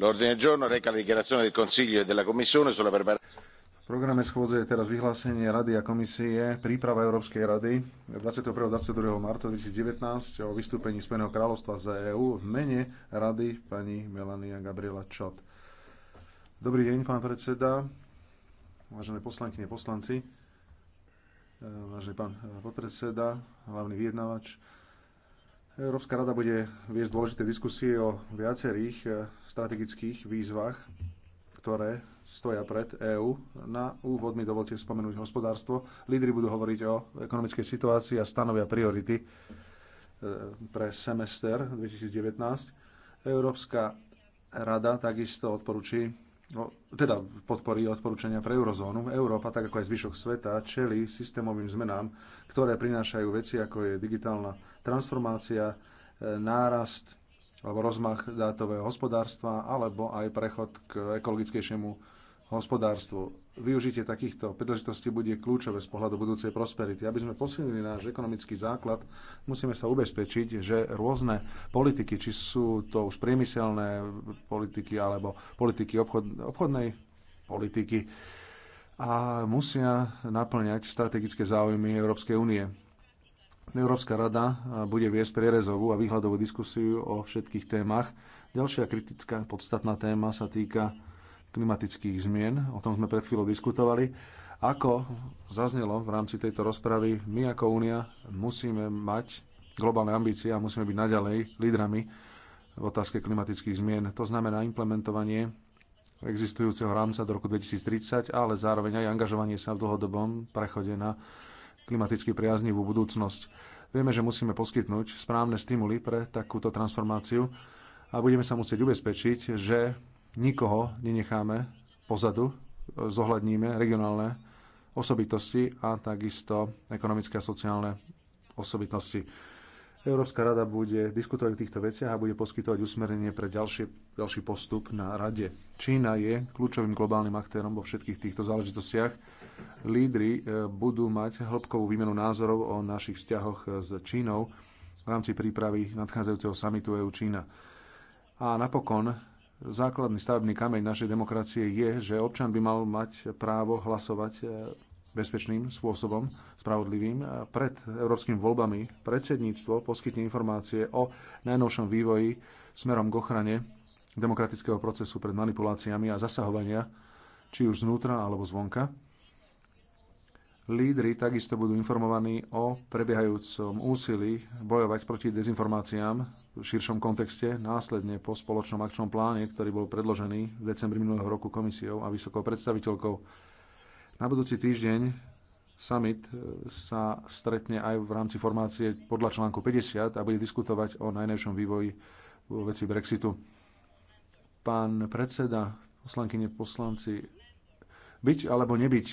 L'ordine del giorno reca la dichiarazione del Consiglio e della Commissione sulla preparazione programe schôdze je teraz vyhlásenie Rady a komisie príprava Európskej rady 21. 22. marca 2019 o vystúpení Spojeného kráľovstva z EÚ v mene rady pani Melania Gabriela Čot. Dobrý deň, pán predseda, vážené poslankyne, poslanci, vážený pán podpredseda, hlavný vyjednávač, Európska rada bude viesť dôležité diskusie o viacerých eh, strategických výzvach, ktoré stoja pred EÚ. Na úvod mi dovolte spomenúť hospodárstvo. Lídry budú hovoriť o ekonomickej situácii a stanovia priority eh, pre semester 2019. Európska rada takisto odporúči no, teda podporí odporúčania pre eurozónu. Európa, tak ako aj zvyšok sveta, čelí systémovým zmenám, ktoré prinášajú veci, ako je digitálna transformácia, e, nárast alebo rozmach dátového hospodárstva, alebo aj prechod k ekologickejšiemu hospodárstvu. Využitie takýchto príležitostí bude kľúčové z pohľadu budúcej prosperity. Aby sme posilnili náš ekonomický základ, musíme sa ubezpečiť, že rôzne politiky, či sú to už priemyselné politiky alebo politiky obchod, obchodnej politiky, a musia naplňať strategické záujmy Európskej únie. Európska rada bude viesť prierezovú a výhľadovú diskusiu o všetkých témach. Ďalšia kritická podstatná téma sa týka klimatických zmien, o tom sme pred chvíľou diskutovali. Ako zaznelo v rámci tejto rozpravy, my ako Únia musíme mať globálne ambície a musíme byť naďalej lídrami v otázke klimatických zmien. To znamená implementovanie existujúceho rámca do roku 2030, ale zároveň aj angažovanie sa v dlhodobom prechode na klimaticky priaznivú budúcnosť. Vieme, že musíme poskytnúť správne stimuly pre takúto transformáciu a budeme sa musieť ubezpečiť, že nikoho nenecháme pozadu, e, zohľadníme regionálne osobitosti a takisto ekonomické a sociálne osobitosti. Európska rada bude diskutovať o týchto veciach a bude poskytovať usmernenie pre ďalšie, ďalší postup na rade. Čína je kľúčovým globálnym aktérom vo všetkých týchto záležitostiach. Lídry e, budú mať hĺbkovú výmenu názorov o našich vzťahoch s Čínou v rámci prípravy nadchádzajúceho samitu EU-Čína. A napokon základný stavebný kameň našej demokracie je, že občan by mal mať právo hlasovať e, bezpečným spôsobom, spravodlivým. Pred európskymi voľbami predsedníctvo poskytne informácie o najnovšom vývoji smerom k ochrane demokratického procesu pred manipuláciami a zasahovania, či už znútra alebo zvonka. Lídry takisto budú informovaní o prebiehajúcom úsilí bojovať proti dezinformáciám v širšom kontexte, následne po spoločnom akčnom pláne, ktorý bol predložený v decembri minulého roku komisiou a vysokou predstaviteľkou. Na budúci týždeň summit e, sa stretne aj v rámci formácie podľa článku 50 a bude diskutovať o najnovšom vývoji vo veci Brexitu. Pán predseda, poslankyne, poslanci, byť alebo nebyť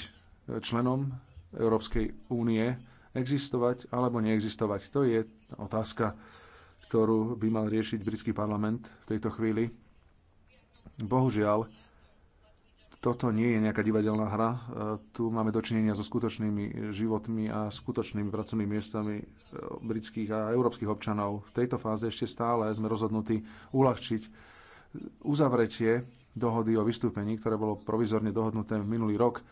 členom Európskej únie, existovať alebo neexistovať, to je otázka ktorú by mal riešiť britský parlament v tejto chvíli. Bohužiaľ, toto nie je nejaká divadelná hra. E, tu máme dočinenia so skutočnými životmi a skutočnými pracovnými miestami e, britských a európskych občanov. V tejto fáze ešte stále sme rozhodnutí uľahčiť uzavretie dohody o vystúpení, ktoré bolo provizorne dohodnuté v minulý rok.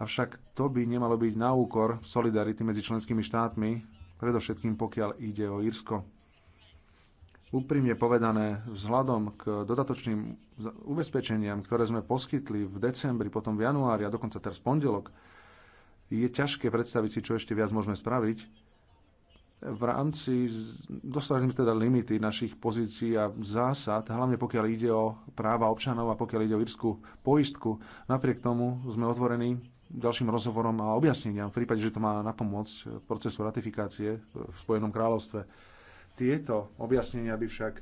Avšak to by nemalo byť na úkor solidarity medzi členskými štátmi, predovšetkým pokiaľ ide o Írsko úprimne povedané, vzhľadom k dodatočným ubezpečeniam, ktoré sme poskytli v decembri, potom v januári a dokonca teraz pondelok, je ťažké predstaviť si, čo ešte viac môžeme spraviť. V rámci, dostali sme teda limity našich pozícií a zásad, hlavne pokiaľ ide o práva občanov a pokiaľ ide o írskú poistku. Napriek tomu sme otvorení ďalším rozhovorom a objasneniam v prípade, že to má napomôcť procesu ratifikácie v Spojenom kráľovstve tieto objasnenia by však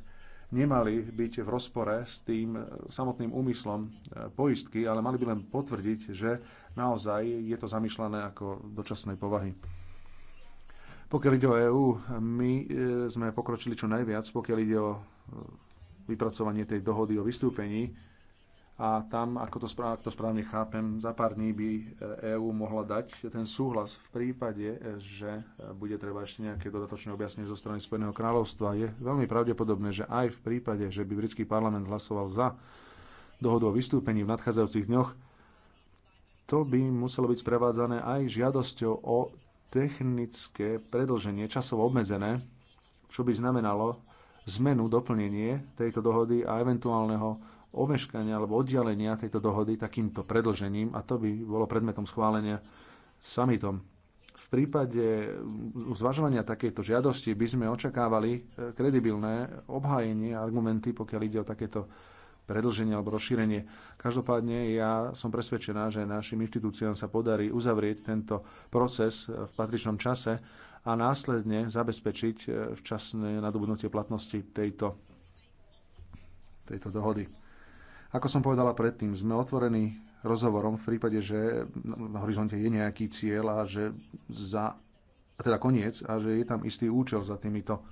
nemali byť v rozpore s tým e, samotným úmyslom e, poistky, ale mali by len potvrdiť, že naozaj je to zamýšľané ako dočasnej povahy. Pokiaľ ide o EÚ, my e, sme pokročili čo najviac, pokiaľ ide o vypracovanie tej dohody o vystúpení a tam, ako to, správ, to správne chápem, za pár dní by EÚ e mohla dať ten súhlas v prípade, e, že e, bude treba ešte nejaké dodatočné objasnenie zo strany Spojeného kráľovstva. Je veľmi pravdepodobné, že aj v prípade, že by britský parlament hlasoval za dohodu o vystúpení v nadchádzajúcich dňoch, to by muselo byť sprevádzané aj žiadosťou o technické predlženie, časovo obmedzené, čo by znamenalo zmenu, doplnenie tejto dohody a eventuálneho omeškania alebo oddialenia tejto dohody takýmto predlžením a to by bolo predmetom schválenia samitom. V prípade zvažovania takejto žiadosti by sme očakávali eh, kredibilné obhájenie argumenty, pokiaľ ide o takéto predlženie alebo rozšírenie. Každopádne ja som presvedčená, že našim inštitúciám sa podarí uzavrieť tento proces eh, v patričnom čase a následne zabezpečiť eh, včasné nadobudnutie platnosti tejto, tejto dohody. Ako som povedala predtým, sme otvorení rozhovorom v prípade, že na horizonte je nejaký cieľ a že za, teda koniec a že je tam istý účel za týmito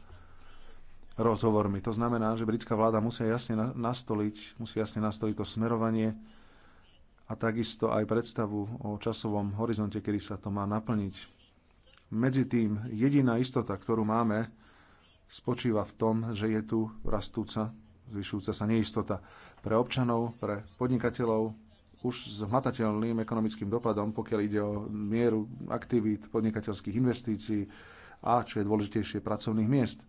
rozhovormi. To znamená, že britská vláda musí jasne nastoliť, musí jasne nastoliť to smerovanie a takisto aj predstavu o časovom horizonte, kedy sa to má naplniť. Medzi tým jediná istota, ktorú máme, spočíva v tom, že je tu rastúca zvyšujúca sa neistota pre občanov, pre podnikateľov, už s hmatateľným ekonomickým dopadom, pokiaľ ide o mieru aktivít, podnikateľských investícií a, čo je dôležitejšie, pracovných miest.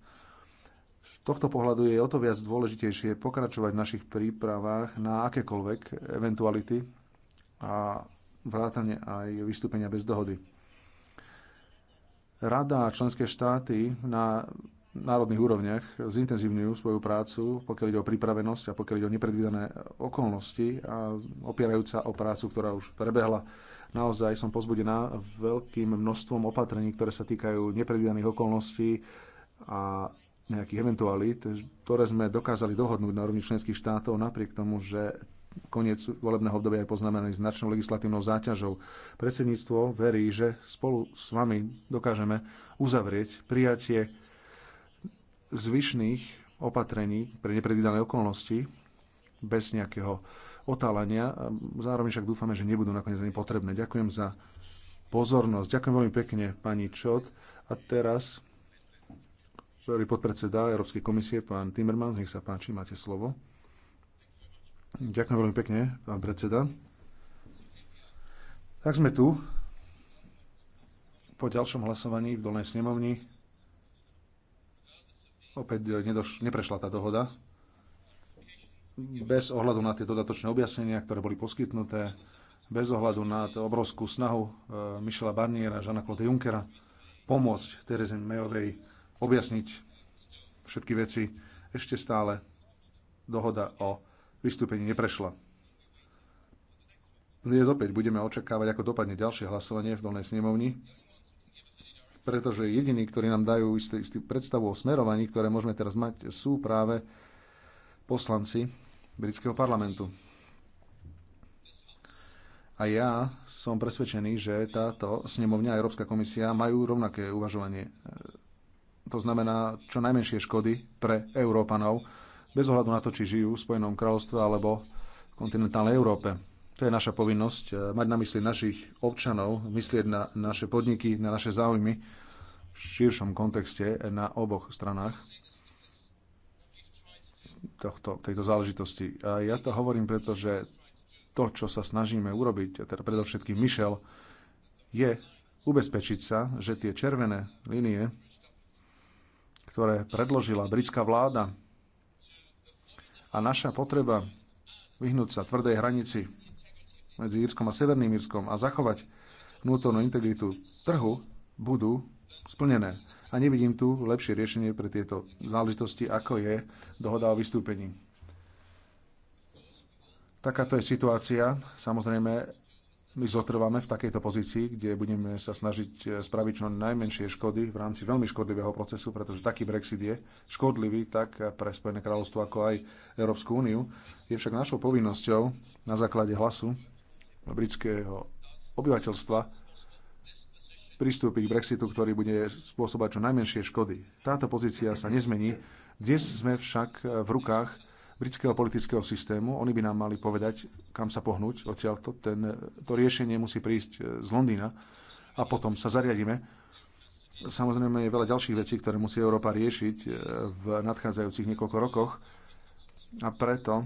Z tohto pohľadu je o to viac dôležitejšie pokračovať v našich prípravách na akékoľvek eventuality a vrátane aj vystúpenia bez dohody. Rada a členské štáty na národných úrovniach zintenzívňujú svoju prácu, pokiaľ ide o pripravenosť a pokiaľ ide o nepredvídané okolnosti a opierajúca o prácu, ktorá už prebehla. Naozaj som pozbudená veľkým množstvom opatrení, ktoré sa týkajú nepredvídaných okolností a nejakých eventualít, ktoré sme dokázali dohodnúť na úrovni členských štátov napriek tomu, že koniec volebného obdobia je poznamenaný značnou legislatívnou záťažou. Predsedníctvo verí, že spolu s vami dokážeme uzavrieť prijatie zvyšných opatrení pre nepredvídané okolnosti bez nejakého otálania. Zároveň však dúfame, že nebudú nakoniec ani potrebné. Ďakujem za pozornosť. Ďakujem veľmi pekne, pani Čot. A teraz ktorý podpredseda Európskej komisie, pán Timmermans, nech sa páči, máte slovo. Ďakujem veľmi pekne, pán predseda. Tak sme tu po ďalšom hlasovaní v Dolnej snemovni opäť e, nedoš- neprešla tá dohoda. Bez ohľadu na tie dodatočné objasnenia, ktoré boli poskytnuté, bez ohľadu na tú obrovskú snahu e, Michela Barniera, Žana Claude Junckera pomôcť Terezin Mayovej objasniť všetky veci, ešte stále dohoda o vystúpení neprešla. Dnes opäť budeme očakávať, ako dopadne ďalšie hlasovanie v dolnej snemovni pretože jediní, ktorí nám dajú istý, istý predstavu o smerovaní, ktoré môžeme teraz mať, sú práve poslanci britského parlamentu. A ja som presvedčený, že táto snemovňa a Európska komisia majú rovnaké uvažovanie. To znamená čo najmenšie škody pre Európanov, bez ohľadu na to, či žijú v Spojenom kráľovstve alebo v kontinentálnej Európe to je naša povinnosť, eh, mať na mysli našich občanov, myslieť na naše podniky, na naše záujmy v širšom kontexte eh, na oboch stranách tohto, tejto záležitosti. A ja to hovorím, pretože to, čo sa snažíme urobiť, teda predovšetkým Michel, je ubezpečiť sa, že tie červené línie, ktoré predložila britská vláda a naša potreba vyhnúť sa tvrdej hranici medzi Írskom a Severným Írskom a zachovať vnútornú integritu trhu, budú splnené. A nevidím tu lepšie riešenie pre tieto záležitosti, ako je dohoda o vystúpení. Takáto je situácia. Samozrejme, my zotrváme v takejto pozícii, kde budeme sa snažiť eh, spraviť čo najmenšie škody v rámci veľmi škodlivého procesu, pretože taký Brexit je škodlivý tak pre Spojené kráľovstvo, ako aj Európsku úniu. Je však našou povinnosťou na základe hlasu britského obyvateľstva pristúpi k Brexitu, ktorý bude spôsobať čo najmenšie škody. Táto pozícia sa nezmení. Dnes sme však v rukách britského politického systému. Oni by nám mali povedať, kam sa pohnúť to, Ten, to riešenie musí prísť e, z Londýna a potom sa zariadíme. Samozrejme je veľa ďalších vecí, ktoré musí Európa riešiť e, v nadchádzajúcich niekoľko rokoch a preto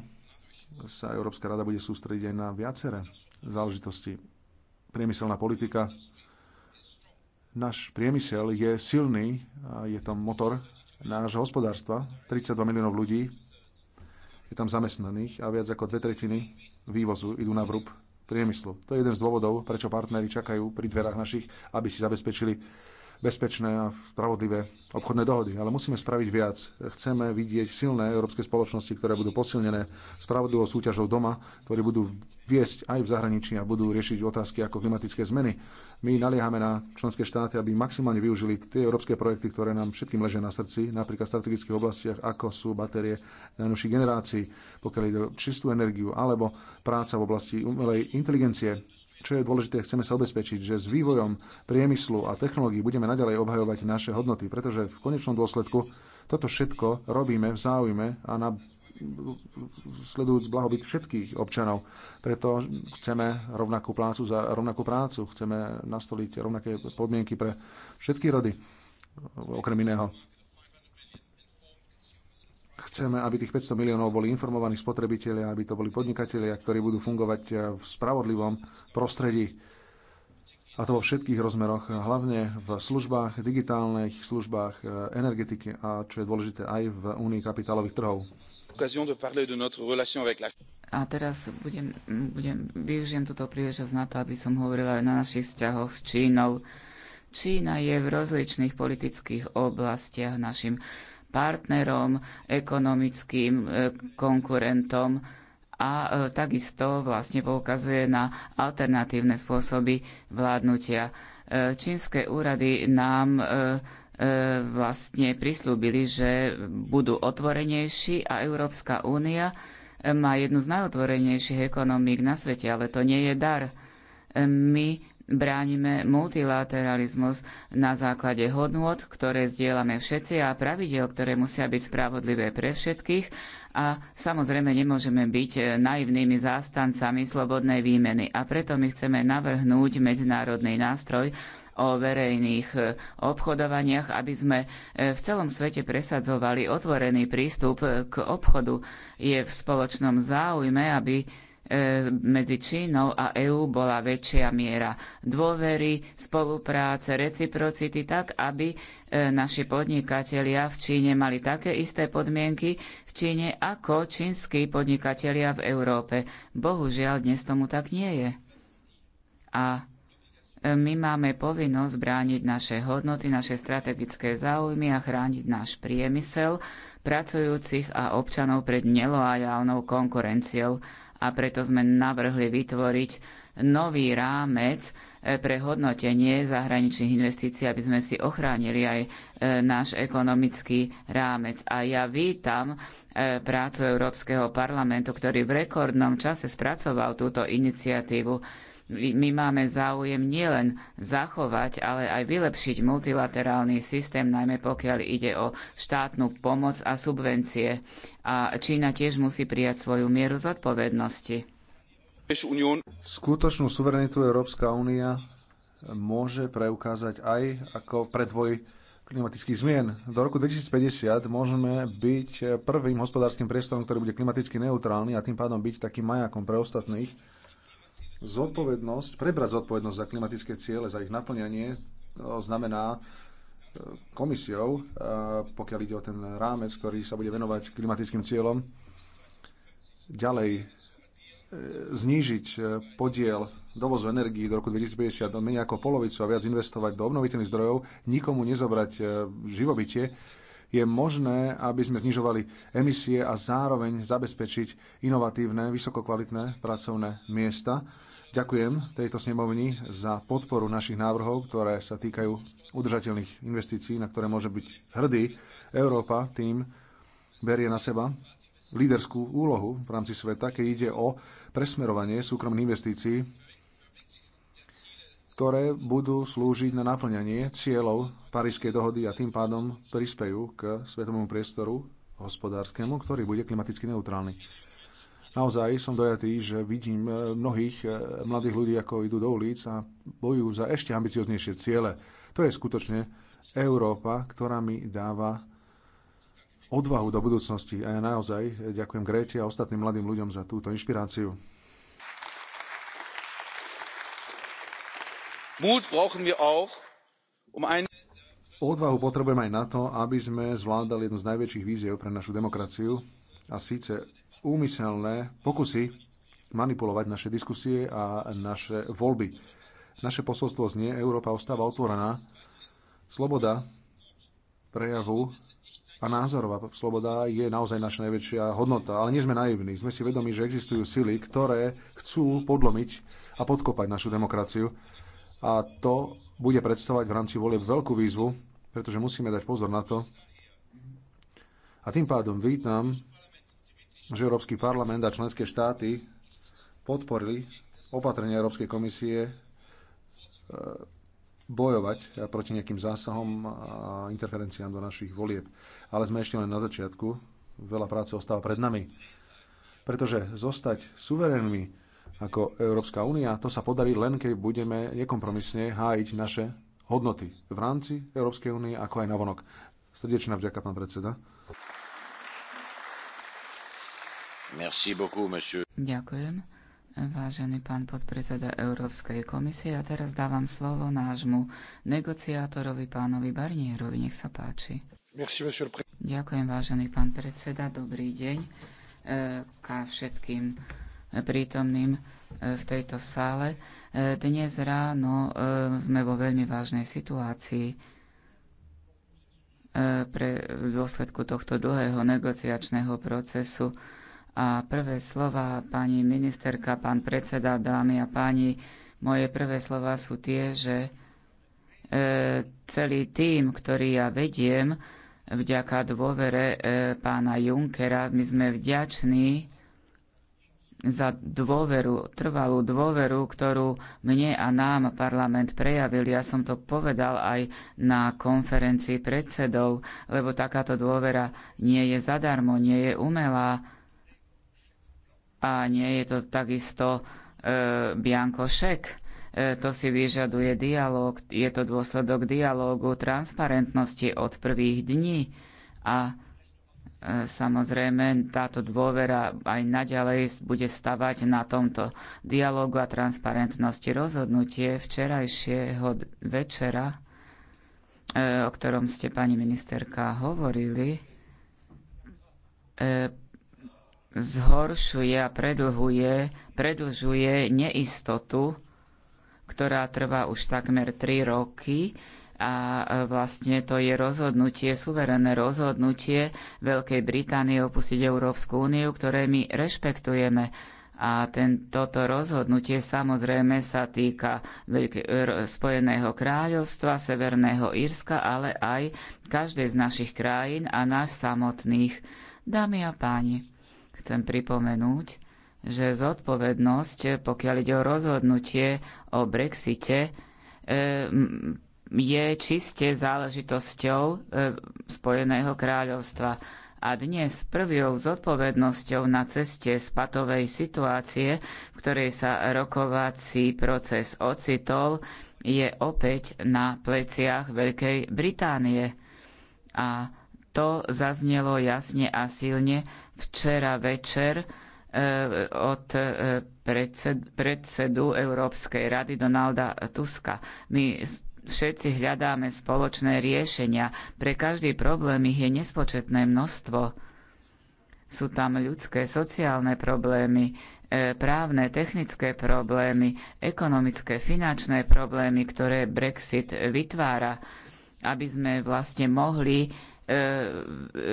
sa Európska rada bude sústrediť aj na viaceré záležitosti. Priemyselná politika. Náš priemysel je silný, je tam motor nášho hospodárstva, 32 miliónov ľudí je tam zamestnaných a viac ako dve tretiny vývozu idú na vrúb priemyslu. To je jeden z dôvodov, prečo partnery čakajú pri dverách našich, aby si zabezpečili bezpečné a spravodlivé obchodné dohody. Ale musíme spraviť viac. Chceme vidieť silné európske spoločnosti, ktoré budú posilnené spravodlivou súťažou doma, ktoré budú viesť aj v zahraničí a budú riešiť otázky ako klimatické zmeny. My naliehame na členské štáty, aby maximálne využili tie európske projekty, ktoré nám všetkým ležia na srdci, napríklad v strategických oblastiach, ako sú batérie najnovších generácií, pokiaľ ide o čistú energiu, alebo práca v oblasti umelej inteligencie, čo je dôležité, chceme sa obezpečiť, že s vývojom priemyslu a technológií budeme naďalej obhajovať naše hodnoty, pretože v konečnom dôsledku toto všetko robíme v záujme a na sledujúc blahobyt všetkých občanov. Preto chceme rovnakú prácu za rovnakú prácu, chceme nastoliť rovnaké podmienky pre všetky rody, okrem iného. Chceme, aby tých 500 miliónov boli informovaní spotrebitelia, aby to boli podnikatelia, ktorí budú fungovať eh, v spravodlivom prostredí. A to vo všetkých rozmeroch, hlavne v službách, digitálnych službách, eh, energetiky a čo je dôležité aj v únii kapitálových trhov. A teraz budem, budem, využijem túto príležitosť na to, aby som hovorila aj na našich vzťahoch s Čínou. Čína je v rozličných politických oblastiach našim partnerom, ekonomickým e, konkurentom a e, takisto vlastne poukazuje na alternatívne spôsoby vládnutia. E, čínske úrady nám vlastne prislúbili, že budú otvorenejší a Európska únia má jednu z najotvorenejších ekonomík na svete, ale to nie je dar. My Bránime multilateralizmus na základe hodnôt, ktoré zdieľame všetci a pravidel, ktoré musia byť spravodlivé pre všetkých a samozrejme nemôžeme byť naivnými zástancami slobodnej výmeny. A preto my chceme navrhnúť medzinárodný nástroj, o verejných obchodovaniach, aby sme e, v celom svete presadzovali otvorený prístup k obchodu. Je v spoločnom záujme, aby E, medzi Čínou a EÚ bola väčšia miera dôvery, spolupráce, reciprocity, tak aby e, naši podnikatelia v Číne mali také isté podmienky v Číne ako čínsky podnikatelia v Európe. Bohužiaľ, dnes tomu tak nie je. A e, my máme povinnosť brániť naše hodnoty, naše strategické záujmy a chrániť náš priemysel, pracujúcich a občanov pred nelojálnou konkurenciou a preto sme navrhli vytvoriť nový rámec eh, pre hodnotenie zahraničných investícií, aby sme si ochránili aj eh, náš ekonomický rámec. A ja vítam eh, prácu Európskeho parlamentu, ktorý v rekordnom čase spracoval túto iniciatívu my máme záujem nielen zachovať, ale aj vylepšiť multilaterálny systém, najmä pokiaľ ide o štátnu pomoc a subvencie. A Čína tiež musí prijať svoju mieru zodpovednosti. Skutočnú suverenitu Európska únia môže preukázať aj ako predvoj klimatických zmien. Do roku 2050 môžeme byť prvým hospodárskym priestorom, ktorý bude klimaticky neutrálny a tým pádom byť takým majakom pre ostatných zodpovednosť, prebrať zodpovednosť za klimatické ciele, za ich naplňanie, to znamená e, komisiou, e, pokiaľ ide o ten rámec, ktorý sa bude venovať klimatickým cieľom, ďalej e, znížiť podiel dovozu energii do roku 2050 do menej ako polovicu a viac investovať do obnoviteľných zdrojov, nikomu nezobrať živobytie, je možné, aby sme znižovali emisie a zároveň zabezpečiť inovatívne, vysokokvalitné pracovné miesta Ďakujem tejto snemovni za podporu našich návrhov, ktoré sa týkajú udržateľných investícií, na ktoré môže byť hrdý. Európa tým berie na seba líderskú úlohu v rámci sveta, keď ide o presmerovanie súkromných investícií, ktoré budú slúžiť na naplňanie cieľov Parískej dohody a tým pádom prispejú k svetovému priestoru hospodárskemu, ktorý bude klimaticky neutrálny naozaj som dojatý, že vidím e, mnohých e, mladých ľudí, ako idú do ulic a bojujú za ešte ambicioznejšie ciele. To je skutočne Európa, ktorá mi dáva odvahu do budúcnosti. A ja naozaj e, ďakujem Gréte a ostatným mladým ľuďom za túto inšpiráciu. Mut brauchen wir auch, um ein Odvahu potrebujeme aj na to, aby sme zvládali jednu z najväčších víziev pre našu demokraciu, a síce úmyselné pokusy manipulovať naše diskusie a naše voľby. Naše posolstvo znie, Európa ostáva otvorená. Sloboda prejavu a názorová sloboda je naozaj naša najväčšia hodnota. Ale nie sme naivní. Sme si vedomi, že existujú sily, ktoré chcú podlomiť a podkopať našu demokraciu. A to bude predstavovať v rámci volieb veľkú výzvu, pretože musíme dať pozor na to. A tým pádom vítam že Európsky parlament a členské štáty podporili opatrenia Európskej komisie e, bojovať proti nejakým zásahom a interferenciám do našich volieb. Ale sme ešte len na začiatku. Veľa práce ostáva pred nami. Pretože zostať suverénmi ako Európska únia, to sa podarí len, keď budeme nekompromisne hájiť naše hodnoty v rámci Európskej únie, ako aj vonok. Srdečná vďaka, pán predseda. Merci beaucoup, monsieur. Ďakujem, vážený pán podpredseda Európskej komisie. A teraz dávam slovo nášmu negociátorovi, pánovi Barnierovi. Nech sa páči. Merci, monsieur. Ďakujem, vážený pán predseda. Dobrý deň e, ka všetkým prítomným e, v tejto sále. E, dnes ráno sme vo veľmi vážnej situácii pre v dôsledku tohto dlhého negociačného procesu a prvé slova, pani ministerka, pán predseda, dámy a páni, moje prvé slova sú tie, že e, celý tým, ktorý ja vediem, vďaka dôvere e, pána Junkera, my sme vďační za dôveru, trvalú dôveru, ktorú mne a nám parlament prejavil. Ja som to povedal aj na konferencii predsedov, lebo takáto dôvera nie je zadarmo, nie je umelá a nie je to takisto e, bianko šek. E, to si vyžaduje dialog, je to dôsledok dialógu, transparentnosti od prvých dní a e, Samozrejme, táto dôvera aj naďalej bude stavať na tomto dialogu a transparentnosti. Rozhodnutie včerajšieho večera, e, o ktorom ste, pani ministerka, hovorili, e, zhoršuje a predlhuje, predlžuje neistotu, ktorá trvá už takmer 3 roky a e, vlastne to je rozhodnutie, suverénne rozhodnutie Veľkej Británie opustiť Európsku úniu, ktoré my rešpektujeme. A ten, toto rozhodnutie samozrejme sa týka e, Spojeného kráľovstva, Severného Írska, ale aj každej z našich krajín a náš samotných. Dámy a páni chcem pripomenúť, že zodpovednosť, pokiaľ ide o rozhodnutie o Brexite, e, je čiste záležitosťou e, Spojeného kráľovstva. A dnes prvou zodpovednosťou na ceste z patovej situácie, v ktorej sa rokovací proces ocitol, je opäť na pleciach Veľkej Británie. A to zaznelo jasne a silne včera večer e, od e, predsedu Európskej rady Donalda Tuska. My všetci hľadáme spoločné riešenia. Pre každý problém ich je nespočetné množstvo. Sú tam ľudské, sociálne problémy, e, právne, technické problémy, ekonomické, finančné problémy, ktoré Brexit vytvára, aby sme vlastne mohli E,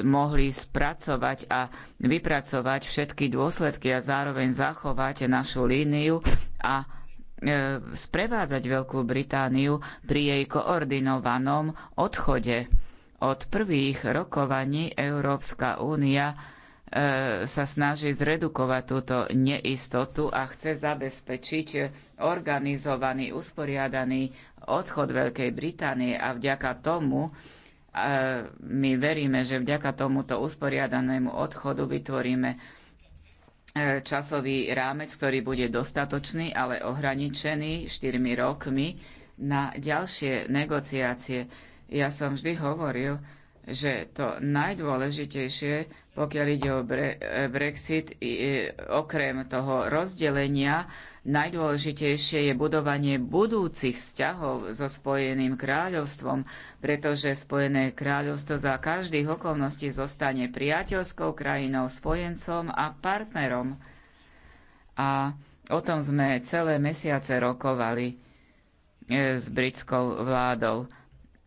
mohli spracovať a vypracovať všetky dôsledky a zároveň zachovať našu líniu a e, sprevádzať Veľkú Britániu pri jej koordinovanom odchode. Od prvých rokovaní Európska únia e, sa snaží zredukovať túto neistotu a chce zabezpečiť organizovaný, usporiadaný odchod Veľkej Británie a vďaka tomu my veríme, že vďaka tomuto usporiadanému odchodu vytvoríme e, časový rámec, ktorý bude dostatočný, ale ohraničený 4 rokmi na ďalšie negociácie. Ja som vždy hovoril, že to najdôležitejšie, pokiaľ ide o bre- e, Brexit, i, e, okrem toho rozdelenia, najdôležitejšie je budovanie budúcich vzťahov so Spojeným kráľovstvom, pretože Spojené kráľovstvo za každých okolností zostane priateľskou krajinou, spojencom a partnerom. A o tom sme celé mesiace rokovali e, s britskou vládou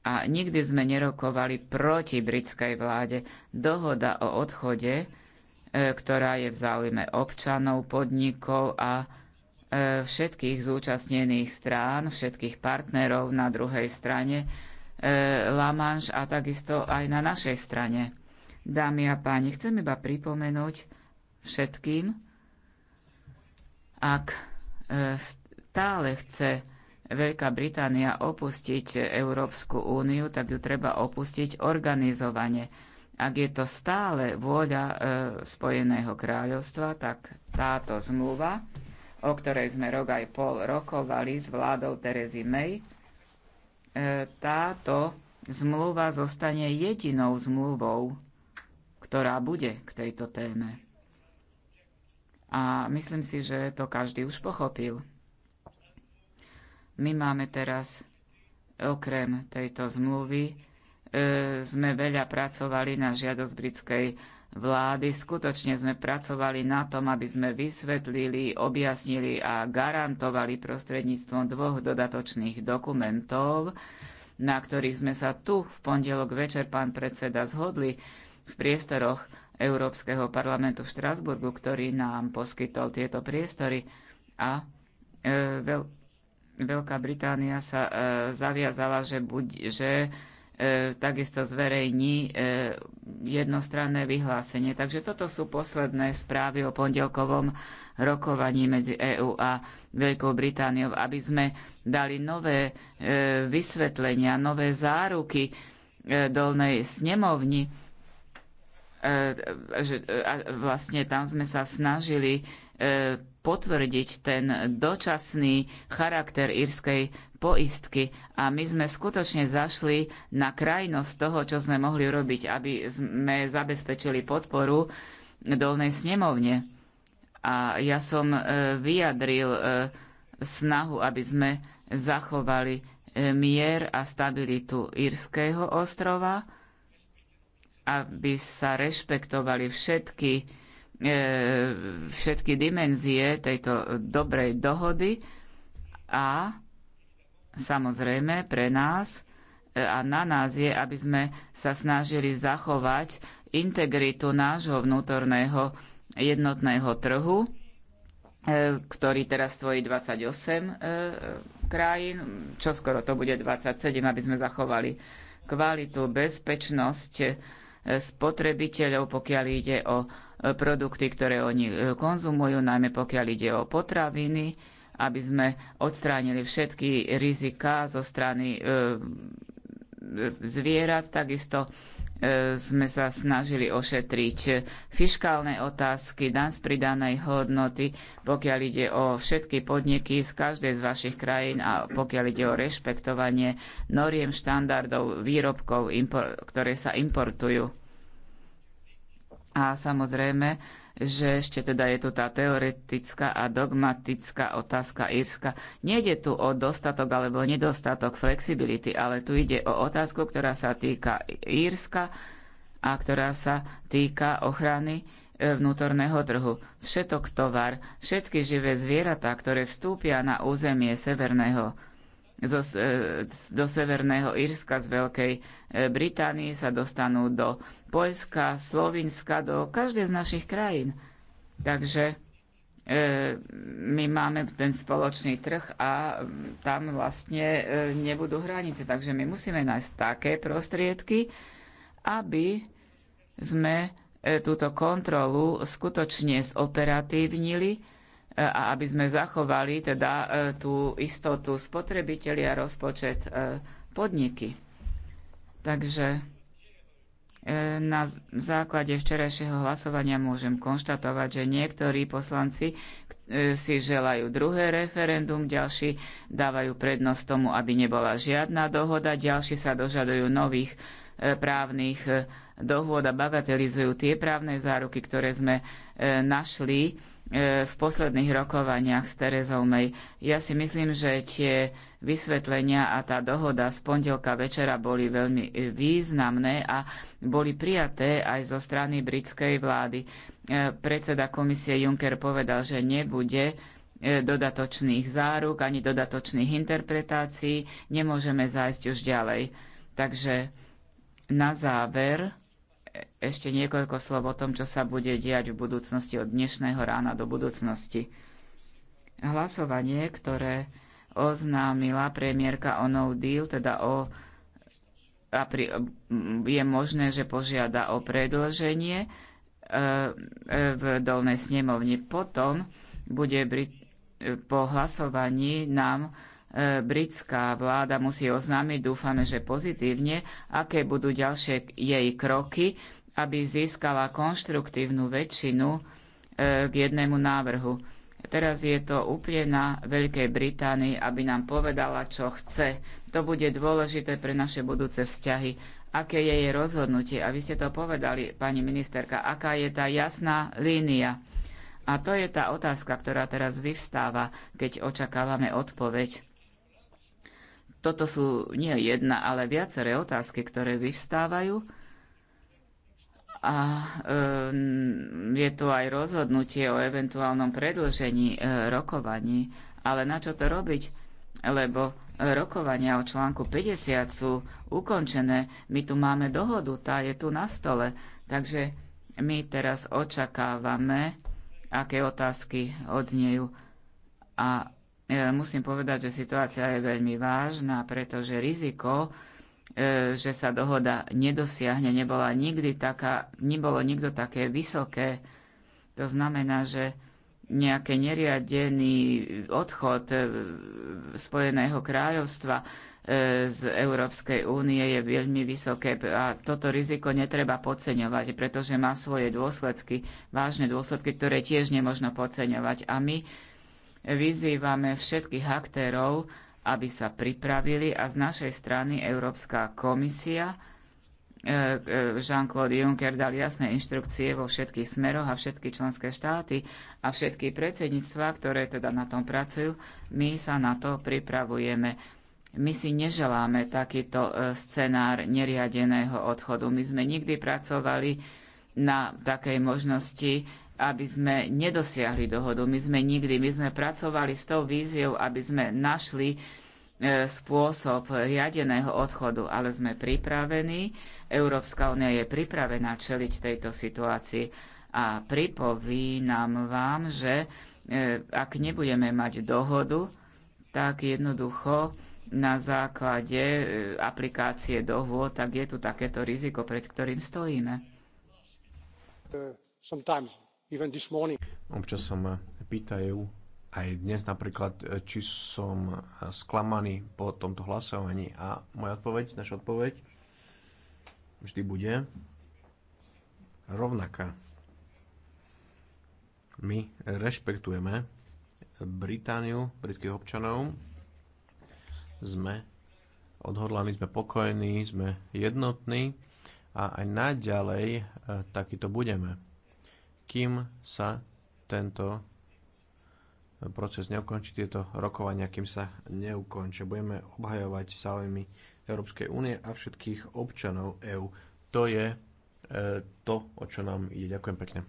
a nikdy sme nerokovali proti britskej vláde. Dohoda o odchode, e, ktorá je v záujme občanov, podnikov a e, všetkých zúčastnených strán, všetkých partnerov na druhej strane e, La Manche a takisto aj na našej strane. Dámy a páni, chcem iba pripomenúť všetkým, ak stále chce Veľká Británia opustiť Európsku úniu, tak ju treba opustiť organizovane. Ak je to stále vôľa e, Spojeného kráľovstva, tak táto zmluva, o ktorej sme rok aj pol rokovali s vládou Terezy May, e, táto zmluva zostane jedinou zmluvou, ktorá bude k tejto téme. A myslím si, že to každý už pochopil. My máme teraz, okrem tejto zmluvy, e, sme veľa pracovali na žiadosť britskej vlády. Skutočne sme pracovali na tom, aby sme vysvetlili, objasnili a garantovali prostredníctvom dvoch dodatočných dokumentov, na ktorých sme sa tu v pondelok večer, pán predseda, zhodli v priestoroch Európskeho parlamentu v Štrasburgu, ktorý nám poskytol tieto priestory a e, veľ, Veľká Británia sa e, zaviazala, že, buď, že e, takisto zverejní e, jednostranné vyhlásenie. Takže toto sú posledné správy o pondelkovom rokovaní medzi EÚ a Veľkou Britániou, aby sme dali nové e, vysvetlenia, nové záruky e, dolnej snemovni. E, e že, e, vlastne tam sme sa snažili e, potvrdiť ten dočasný charakter írskej poistky a my sme skutočne zašli na krajnosť toho, čo sme mohli robiť, aby sme zabezpečili podporu dolnej snemovne. A ja som e, vyjadril e, snahu, aby sme zachovali e, mier a stabilitu írskeho ostrova, aby sa rešpektovali všetky E, všetky dimenzie tejto dobrej dohody a samozrejme pre nás e, a na nás je, aby sme sa snažili zachovať integritu nášho vnútorného jednotného trhu, e, ktorý teraz stojí 28 krajín, čo skoro to bude 27, aby sme zachovali kvalitu, bezpečnosť spotrebiteľov, pokiaľ ide o produkty, ktoré oni e, konzumujú, najmä pokiaľ ide o potraviny, aby sme odstránili všetky rizika zo strany e, e, zvierat. Takisto sme sa snažili ošetriť fiškálne otázky, dan z pridanej hodnoty, pokiaľ ide o všetky podniky z každej z vašich krajín a pokiaľ ide o rešpektovanie noriem, štandardov, výrobkov, ktoré sa importujú. A samozrejme, že ešte teda je tu tá teoretická a dogmatická otázka Írska. Nejde tu o dostatok alebo nedostatok flexibility, ale tu ide o otázku, ktorá sa týka Írska a ktorá sa týka ochrany e, vnútorného trhu. Všetok tovar, všetky živé zvieratá, ktoré vstúpia na územie Severného zo, e, do Severného Írska, z Veľkej e, Británie sa dostanú do Poľska, Slovinska, do každej z našich krajín. Takže e, my máme ten spoločný trh a tam vlastne nebudú hranice. Takže my musíme nájsť také prostriedky, aby sme túto kontrolu skutočne zoperatívnili a aby sme zachovali teda e, tú istotu spotrebiteľi a rozpočet e, podniky. Takže e, na základe včerajšieho hlasovania môžem konštatovať, že niektorí poslanci si želajú druhé referendum, ďalší dávajú prednosť tomu, aby nebola žiadna dohoda, ďalší sa dožadujú nových právnych dohôd a bagatelizujú tie právne záruky, ktoré sme našli E, v posledných rokovaniach s Terezou May. Ja si myslím, že tie vysvetlenia a tá dohoda z pondelka večera boli veľmi e, významné a boli prijaté aj zo strany britskej vlády. E, predseda komisie Juncker povedal, že nebude dodatočných záruk ani dodatočných interpretácií. Nemôžeme zájsť už ďalej. Takže na záver ešte niekoľko slov o tom, čo sa bude diať v budúcnosti od dnešného rána do budúcnosti. Hlasovanie, ktoré oznámila premiérka o no deal, teda o a pri, je možné, že požiada o predlženie e, e, v dolnej snemovni. Potom bude Brit- po hlasovaní nám E, britská vláda musí oznámiť, dúfame, že pozitívne, aké budú ďalšie jej kroky, aby získala konštruktívnu väčšinu e, k jednému návrhu. Teraz je to úplne na Veľkej Británii, aby nám povedala, čo chce. To bude dôležité pre naše budúce vzťahy. Aké je jej rozhodnutie? A vy ste to povedali, pani ministerka, aká je tá jasná línia? A to je tá otázka, ktorá teraz vyvstáva, keď očakávame odpoveď. Toto sú nie jedna, ale viaceré otázky, ktoré vyvstávajú. A um, je tu aj rozhodnutie o eventuálnom predlžení e, rokovaní. Ale na čo to robiť? Lebo e, rokovania o článku 50 sú ukončené. My tu máme dohodu, tá je tu na stole. Takže my teraz očakávame, aké otázky odznejú. A E, musím povedať, že situácia je veľmi vážna, pretože riziko, e, že sa dohoda nedosiahne, nebola nikdy taká, nebolo nikto také vysoké. To znamená, že nejaký neriadený odchod e, Spojeného kráľovstva z Európskej únie je veľmi vysoké a toto riziko netreba podceňovať, pretože má svoje dôsledky, vážne dôsledky, ktoré tiež nemôžno podceňovať. A my Vyzývame všetkých aktérov, aby sa pripravili a z našej strany Európska komisia e, e, Jean-Claude Juncker dal jasné inštrukcie vo všetkých smeroch a všetky členské štáty a všetky predsedníctva, ktoré teda na tom pracujú, my sa na to pripravujeme. My si neželáme takýto e, scenár neriadeného odchodu. My sme nikdy pracovali na takej možnosti aby sme nedosiahli dohodu. My sme nikdy, my sme pracovali s tou víziou, aby sme našli e, spôsob riadeného odchodu, ale sme pripravení. Európska únia je pripravená čeliť tejto situácii a pripovínam vám, že e, ak nebudeme mať dohodu, tak jednoducho na základe e, aplikácie dohô, tak je tu takéto riziko, pred ktorým stojíme. sometimes Občas som pýtajú aj dnes napríklad, e, či som e, sklamaný po tomto hlasovaní. A moja odpoveď, naša odpoveď vždy bude rovnaká. My rešpektujeme Britániu, britských občanov. Sme odhodlaní, sme pokojní, sme jednotní a aj naďalej e, takýto budeme kým sa tento proces neukončí, tieto rokovania, kým sa neukončí. Budeme obhajovať záujmy Európskej únie a všetkých občanov EÚ. To je e, to, o čo nám ide. Ďakujem pekne.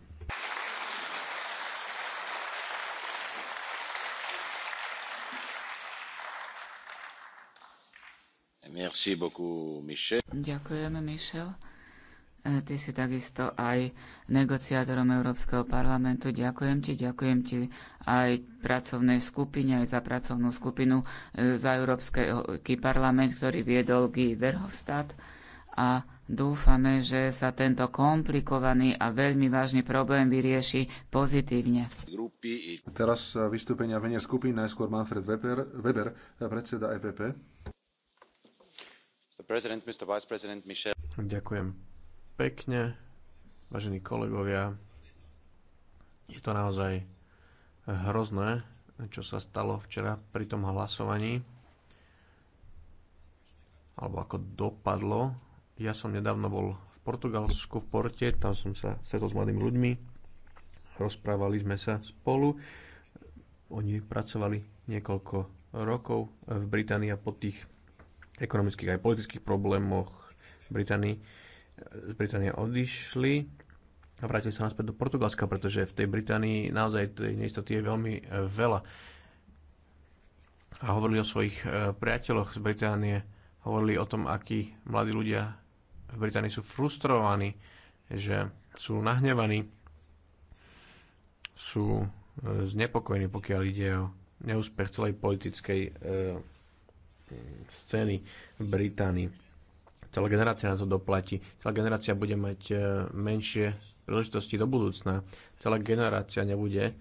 Merci beaucoup, Michel. Ďakujeme, Michel. E, ty si takisto aj negociátorom Európskeho parlamentu. Ďakujem ti, ďakujem ti aj pracovnej skupine, aj za pracovnú skupinu e, za Európsky parlament, ktorý viedol Guy Verhofstadt. A dúfame, že sa tento komplikovaný a veľmi vážny problém vyrieši pozitívne. Teraz vystúpenia v mene skupín, najskôr Manfred Weber, Weber predseda EPP. Ďakujem pekne, vážení kolegovia. Je to naozaj hrozné, čo sa stalo včera pri tom hlasovaní, alebo ako dopadlo. Ja som nedávno bol v Portugalsku, v Porte, tam som sa stretol s mladými ľuďmi, rozprávali sme sa spolu. Oni pracovali niekoľko rokov v Británii a po tých ekonomických aj politických problémoch Británii z Británie odišli a vrátili sa naspäť do Portugalska, pretože v tej Británii naozaj tej neistoty je veľmi e, veľa. A hovorili o svojich e, priateľoch z Británie, hovorili o tom, akí mladí ľudia v Británii sú frustrovaní, že sú nahnevaní, sú e, znepokojení, pokiaľ ide o neúspech celej politickej e, scény v Británii celá generácia na to doplatí. Celá generácia bude mať e, menšie príležitosti do budúcna. Celá generácia nebude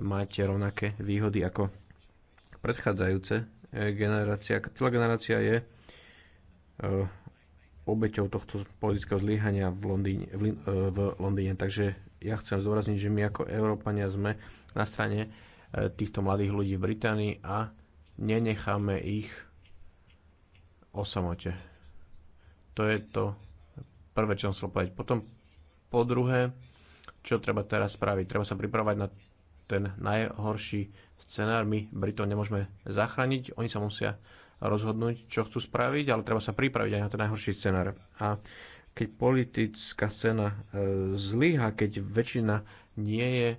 mať rovnaké výhody ako predchádzajúce e, generácia. Celá generácia je e, obeťou tohto politického zlyhania v Londýne, v, v Londýne. Takže ja chcem zdôrazniť, že my ako Európania sme na strane týchto mladých ľudí v Británii a nenecháme ich o samote. To je to prvé, čo som chcel povedať. Potom po druhé, čo treba teraz spraviť? Treba sa pripravať na ten najhorší scenár. My Britov nemôžeme zachrániť, oni sa musia rozhodnúť, čo chcú spraviť, ale treba sa pripraviť aj na ten najhorší scenár. A keď politická scéna e, zlyha, keď väčšina nie je e,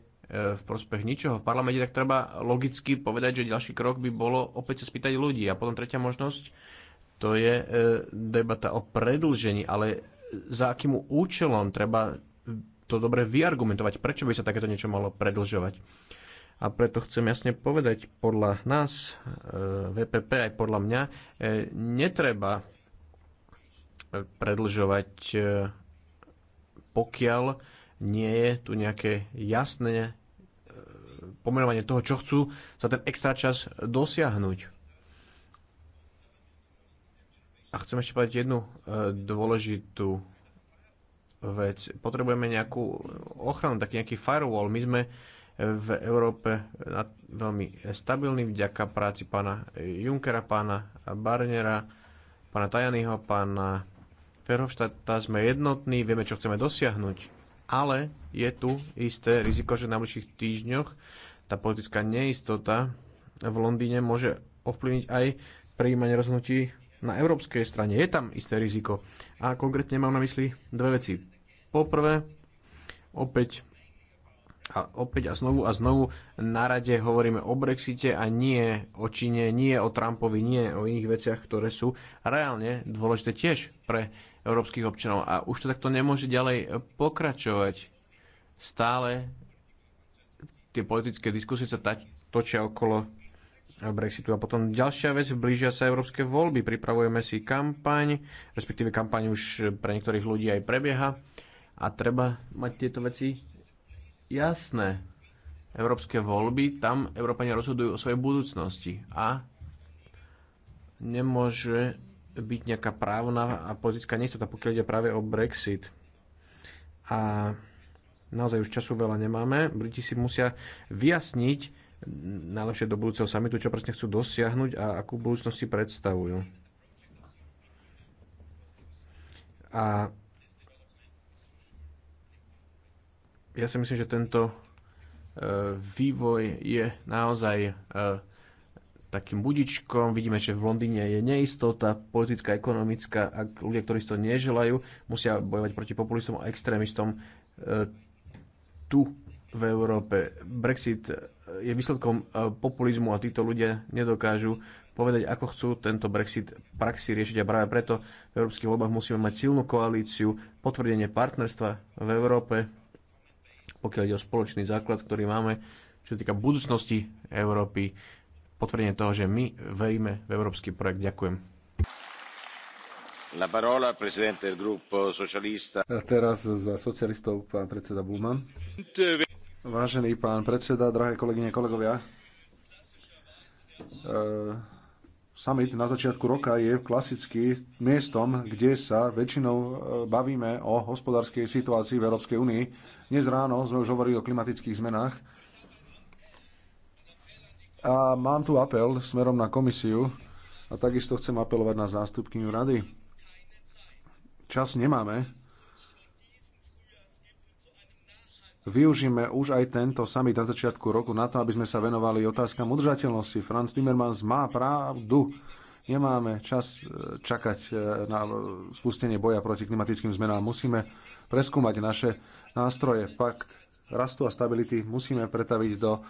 v prospech ničoho v parlamente, tak treba logicky povedať, že ďalší krok by bolo opäť sa spýtať ľudí. A potom tretia možnosť to je e, debata o predlžení, ale za akým účelom treba to dobre vyargumentovať, prečo by sa takéto niečo malo predlžovať. A preto chcem jasne povedať, podľa nás, e, VPP aj podľa mňa, e, netreba predlžovať, pokiaľ nie je tu nejaké jasné pomenovanie toho, čo chcú za ten extra čas dosiahnuť. A chcem ešte povedať jednu e, dôležitú vec. Potrebujeme nejakú ochranu, taký nejaký firewall. My sme v Európe veľmi stabilní vďaka práci pána Junkera, pána Barnera, pána Tajaniho, pána Verhofstadta. Sme jednotní, vieme, čo chceme dosiahnuť, ale je tu isté riziko, že na najbližších týždňoch tá politická neistota v Londýne môže ovplyvniť aj prijímanie rozhodnutí na európskej strane. Je tam isté riziko. A konkrétne mám na mysli dve veci. Poprvé, opäť a opäť a znovu a znovu na rade hovoríme o Brexite a nie o Číne, nie o Trumpovi, nie o iných veciach, ktoré sú reálne dôležité tiež pre európskych občanov. A už to takto nemôže ďalej pokračovať. Stále tie politické diskusie sa točia okolo Brexitu. A potom ďalšia vec, blížia sa európske voľby, pripravujeme si kampaň, respektíve kampaň už pre niektorých ľudí aj prebieha a treba mať tieto veci jasné. Európske voľby, tam Európania rozhodujú o svojej budúcnosti a nemôže byť nejaká právna a politická neistota, pokiaľ ide práve o Brexit. A naozaj už času veľa nemáme. Briti si musia vyjasniť, najlepšie do budúceho samitu, čo presne chcú dosiahnuť a akú budúcnosť si predstavujú. A ja si myslím, že tento e, vývoj je naozaj e, takým budičkom. Vidíme, že v Londýne je neistota politická, ekonomická a ľudia, ktorí si to neželajú, musia bojovať proti populistom a extrémistom e, tu v Európe. Brexit je výsledkom e, populizmu a títo ľudia nedokážu povedať, ako chcú tento Brexit praxi riešiť a práve preto v európskych voľbách musíme mať silnú koalíciu, potvrdenie partnerstva v Európe, pokiaľ ide o spoločný základ, ktorý máme, čo sa týka budúcnosti Európy, potvrdenie toho, že my veríme v európsky projekt. Ďakujem. Parola, teraz za socialistov pán predseda Bullmann. Vážený pán predseda, drahé kolegyne, kolegovia, e, summit na začiatku roka je klasicky miestom, kde sa väčšinou e, bavíme o hospodárskej situácii v Európskej únii. Dnes ráno sme už hovorili o klimatických zmenách. A mám tu apel smerom na komisiu a takisto chcem apelovať na zástupkyňu rady. Čas nemáme využíme už aj tento samý na začiatku roku na to, aby sme sa venovali otázkam udržateľnosti. Franz Timmermans má pravdu. Nemáme čas e, čakať e, na spustenie boja proti klimatickým zmenám. Musíme preskúmať naše nástroje. Pakt rastu a stability musíme pretaviť do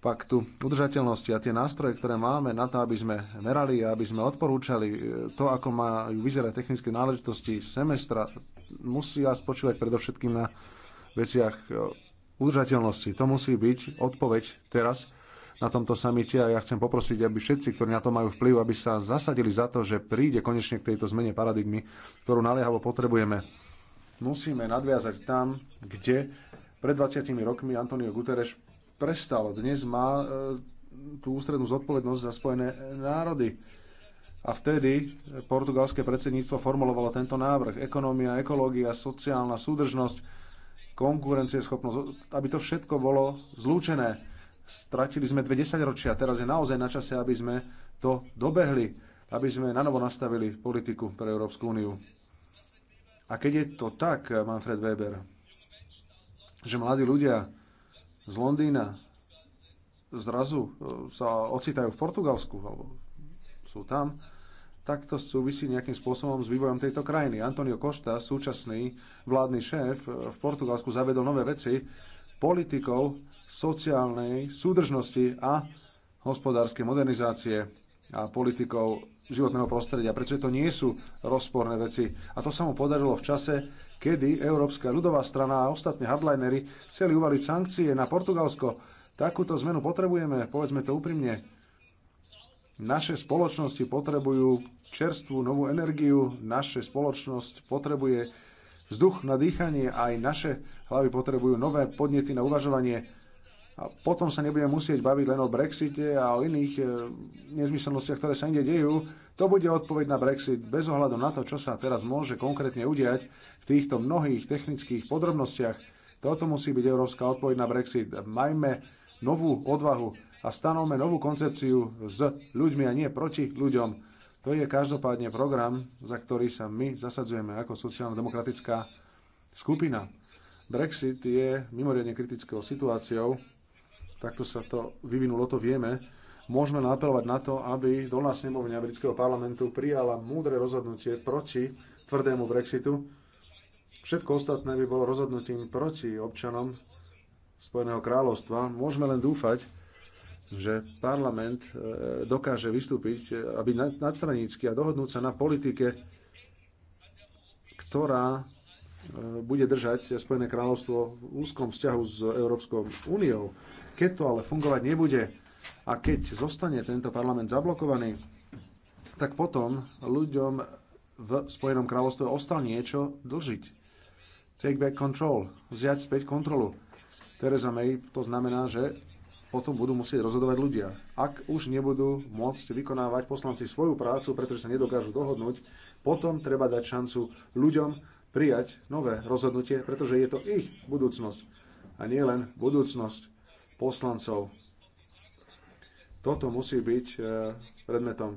paktu udržateľnosti a tie nástroje, ktoré máme na to, aby sme merali a aby sme odporúčali e, to, ako majú vyzerať technické náležitosti semestra, musia spočívať predovšetkým na veciach e, udržateľnosti. To musí byť odpoveď teraz na tomto samite a ja chcem poprosiť, aby všetci, ktorí na to majú vplyv, aby sa zasadili za to, že príde konečne k tejto zmene paradigmy, ktorú naliehavo potrebujeme. Musíme nadviazať tam, kde pred 20 rokmi Antonio Guterres prestal. Dnes má e, tú ústrednú zodpovednosť za Spojené národy. A vtedy portugalské predsedníctvo formulovalo tento návrh. Ekonómia, ekológia, sociálna súdržnosť, konkurencieschopnosť, aby to všetko bolo zlúčené. Stratili sme dve desaťročia, teraz je naozaj na čase, aby sme to dobehli, aby sme na novo nastavili politiku pre Európsku úniu. A keď je to tak, Manfred Weber, že mladí ľudia z Londýna zrazu e, sa ocitajú v Portugalsku, alebo sú tam, takto súvisí nejakým spôsobom s vývojom tejto krajiny. Antonio Costa, súčasný vládny šéf eh, v Portugalsku, zavedol nové veci politikou sociálnej súdržnosti a hospodárskej modernizácie a politikou životného prostredia, pretože to nie sú rozporné veci. A to sa mu podarilo v čase, kedy Európska ľudová strana a ostatní hardlinery chceli uvaliť sankcie na Portugalsko. Takúto zmenu potrebujeme, povedzme to úprimne naše spoločnosti potrebujú čerstvú novú energiu, naša spoločnosť potrebuje vzduch na dýchanie a aj naše hlavy potrebujú nové podnety na uvažovanie. A potom sa nebudeme musieť baviť len o Brexite a o iných e, nezmyselnostiach, ktoré sa inde dejú. To bude odpoveď na Brexit bez ohľadu na to, čo sa teraz môže konkrétne udiať v týchto mnohých technických podrobnostiach. Toto musí byť európska odpoveď na Brexit. Majme novú odvahu a stanovme novú koncepciu s ľuďmi a nie proti ľuďom to je každopádne program, za ktorý sa my zasadzujeme ako sociálno-demokratická skupina. Brexit je mimoriadne kritickou situáciou, takto sa to vyvinulo, to vieme. Môžeme napelovať na to, aby dolná snemovňa britského parlamentu prijala múdre rozhodnutie proti tvrdému Brexitu. Všetko ostatné by bolo rozhodnutím proti občanom Spojeného kráľovstva. Môžeme len dúfať, že parlament e, dokáže vystúpiť e, a byť nadstranícky a dohodnúť sa na politike, ktorá e, bude držať Spojené kráľovstvo v úzkom vzťahu s Európskou úniou. Keď to ale fungovať nebude a keď zostane tento parlament zablokovaný, tak potom ľuďom v Spojenom kráľovstve ostal niečo dlžiť. Take back control, vziať späť kontrolu. Theresa May to znamená, že potom budú musieť rozhodovať ľudia. Ak už nebudú môcť vykonávať poslanci svoju prácu, pretože sa nedokážu dohodnúť, potom treba dať šancu ľuďom prijať nové rozhodnutie, pretože je to ich budúcnosť a nie len budúcnosť poslancov. Toto musí byť e, predmetom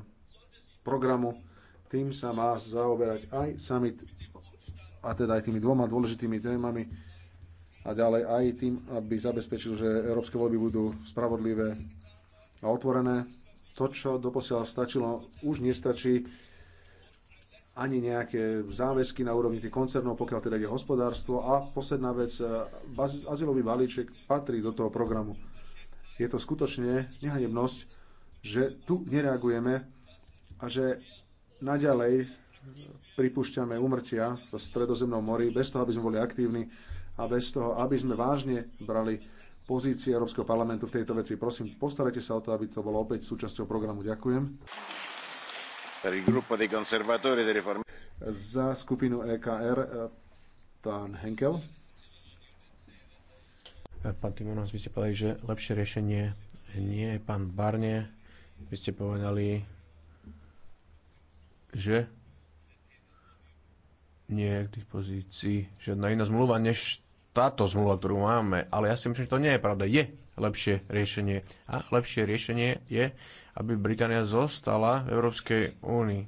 programu. Tým sa má zaoberať aj summit a teda aj tými dvoma dôležitými témami a ďalej aj tým, aby zabezpečil, že európske voľby budú spravodlivé a otvorené. To, čo doposiaľ stačilo, už nestačí ani nejaké záväzky na úrovni tých koncernov, pokiaľ teda je hospodárstvo. A posledná vec, e, azylový balíček patrí do toho programu. Je to skutočne nehanebnosť, že tu nereagujeme a že naďalej pripúšťame umrtia v Stredozemnom mori bez toho, aby sme boli aktívni a bez toho, aby sme vážne brali pozície Európskeho parlamentu v tejto veci. Prosím, postarajte sa o to, aby to bolo opäť súčasťou programu. Ďakujem. E Za skupinu EKR eh, pán Henkel. Eh, pán Timonos, vy ste povedali, že lepšie riešenie nie je pán Barne. Vy ste povedali, že nie je k dispozícii žiadna iná zmluva, než táto zmluva, ktorú máme, ale ja si myslím, že to nie je pravda. Je lepšie riešenie. A lepšie riešenie je, aby Británia zostala v Európskej únii.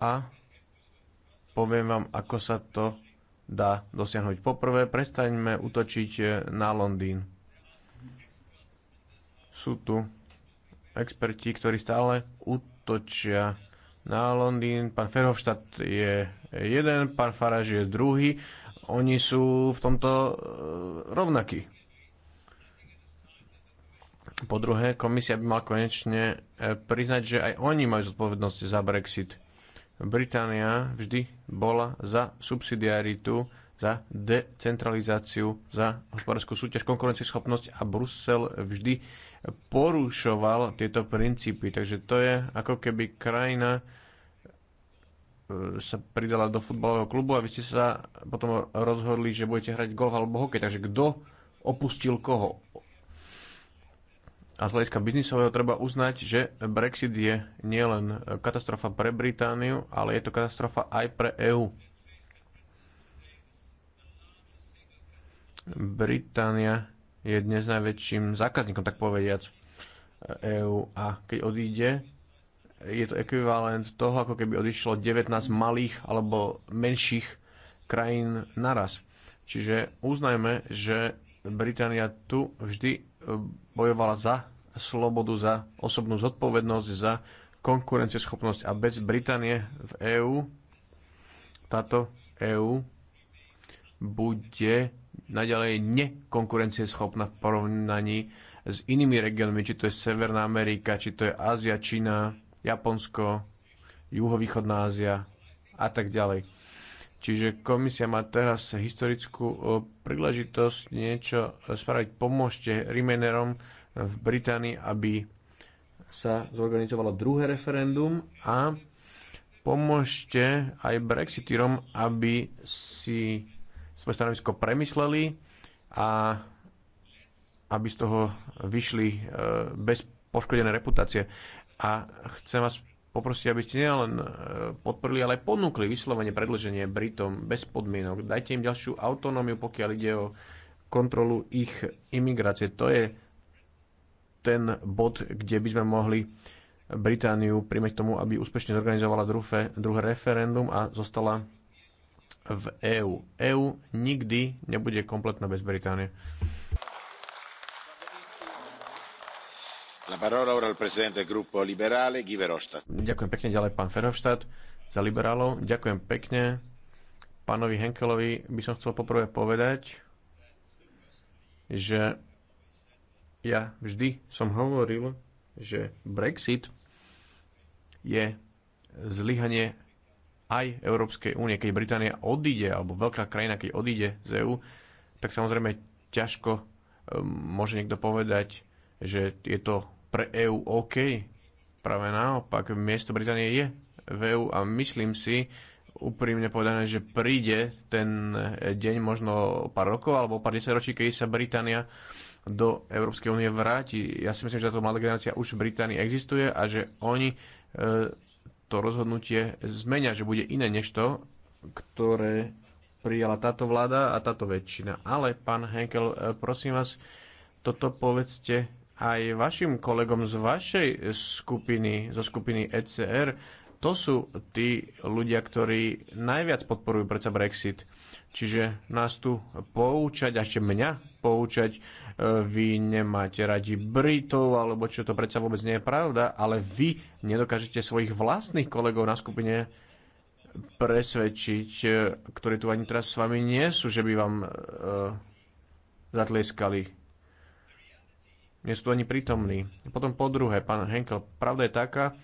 A poviem vám, ako sa to dá dosiahnuť. Poprvé, prestaňme útočiť na Londýn. Sú tu experti, ktorí stále útočia na Londýn, pán Ferhofstadt je jeden, pán Faraž je druhý. Oni sú v tomto e, rovnakí. Po druhé, komisia by mala konečne e, priznať, že aj oni majú zodpovednosť za Brexit. Británia vždy bola za subsidiaritu, za decentralizáciu, za hospodárskú súťaž, konkurencieschopnosť a Brusel vždy porušoval tieto princípy. Takže to je ako keby krajina e, sa pridala do futbalového klubu a vy ste sa potom rozhodli, že budete hrať golf alebo hokej. Takže kto opustil koho? A z hľadiska biznisového treba uznať, že Brexit je nielen katastrofa pre Britániu, ale je to katastrofa aj pre EÚ. Británia je dnes najväčším zákazníkom, tak povediac, EÚ. A keď odíde, je to ekvivalent toho, ako keby odišlo 19 malých alebo menších krajín naraz. Čiže uznajme, že Británia tu vždy e, bojovala za slobodu, za osobnú zodpovednosť, za konkurencieschopnosť a bez Británie v EÚ táto EÚ bude naďalej nekonkurencieschopná v porovnaní s inými regiónmi, či to je Severná Amerika, či to je Ázia, Čína, Japonsko, Juhovýchodná Ázia a tak ďalej. Čiže komisia má teraz historickú e, príležitosť niečo spraviť. Pomôžte remainerom v Británii, aby sa zorganizovalo druhé referendum a pomôžte aj Brexitírom, aby si svoje stanovisko premysleli a aby z toho vyšli e, bez poškodené reputácie. A chcem vás poprosiť, aby ste nielen e, podporili, ale aj ponúkli vyslovene predlženie Britom bez podmienok. Dajte im ďalšiu autonómiu, pokiaľ ide o kontrolu ich imigrácie. To je ten bod, kde by sme mohli Britániu príjmeť tomu, aby úspešne zorganizovala druhé, druhé referendum a zostala v EÚ. EÚ nikdy nebude kompletná bez Británie. Liberale, Ďakujem pekne ďalej pán Verhofstadt za liberálov. Ďakujem pekne pánovi Henkelovi. By som chcel poprvé povedať, že ja vždy som hovoril, že Brexit je zlyhanie aj Európskej únie. Keď Británia odíde, alebo veľká krajina, keď odíde z EÚ, tak samozrejme ťažko e, môže niekto povedať, že je to pre EÚ OK. Práve naopak, miesto Británie je v EÚ a myslím si, úprimne povedané, že príde ten deň možno pár rokov alebo pár desaťročí, keď sa Británia do Európskej únie vráti. Ja si myslím, že táto mladá generácia už v Británii existuje a že oni e, to rozhodnutie zmenia, že bude iné než to, ktoré prijala táto vláda a táto väčšina. Ale, pán Henkel, eh, prosím vás, toto povedzte aj vašim kolegom z vašej skupiny, zo skupiny ECR. To sú tí ľudia, ktorí najviac podporujú predsa Brexit. Čiže nás tu poučať, a ešte mňa poučať, e, vy nemáte radi Britov, alebo čo to predsa vôbec nie je pravda, ale vy nedokážete svojich vlastných kolegov na skupine presvedčiť, e, ktorí tu ani teraz s vami nie sú, že by vám uh, zatlieskali. Nie sú tu ani prítomní. Potom po druhé, pán Henkel, pravda je taká,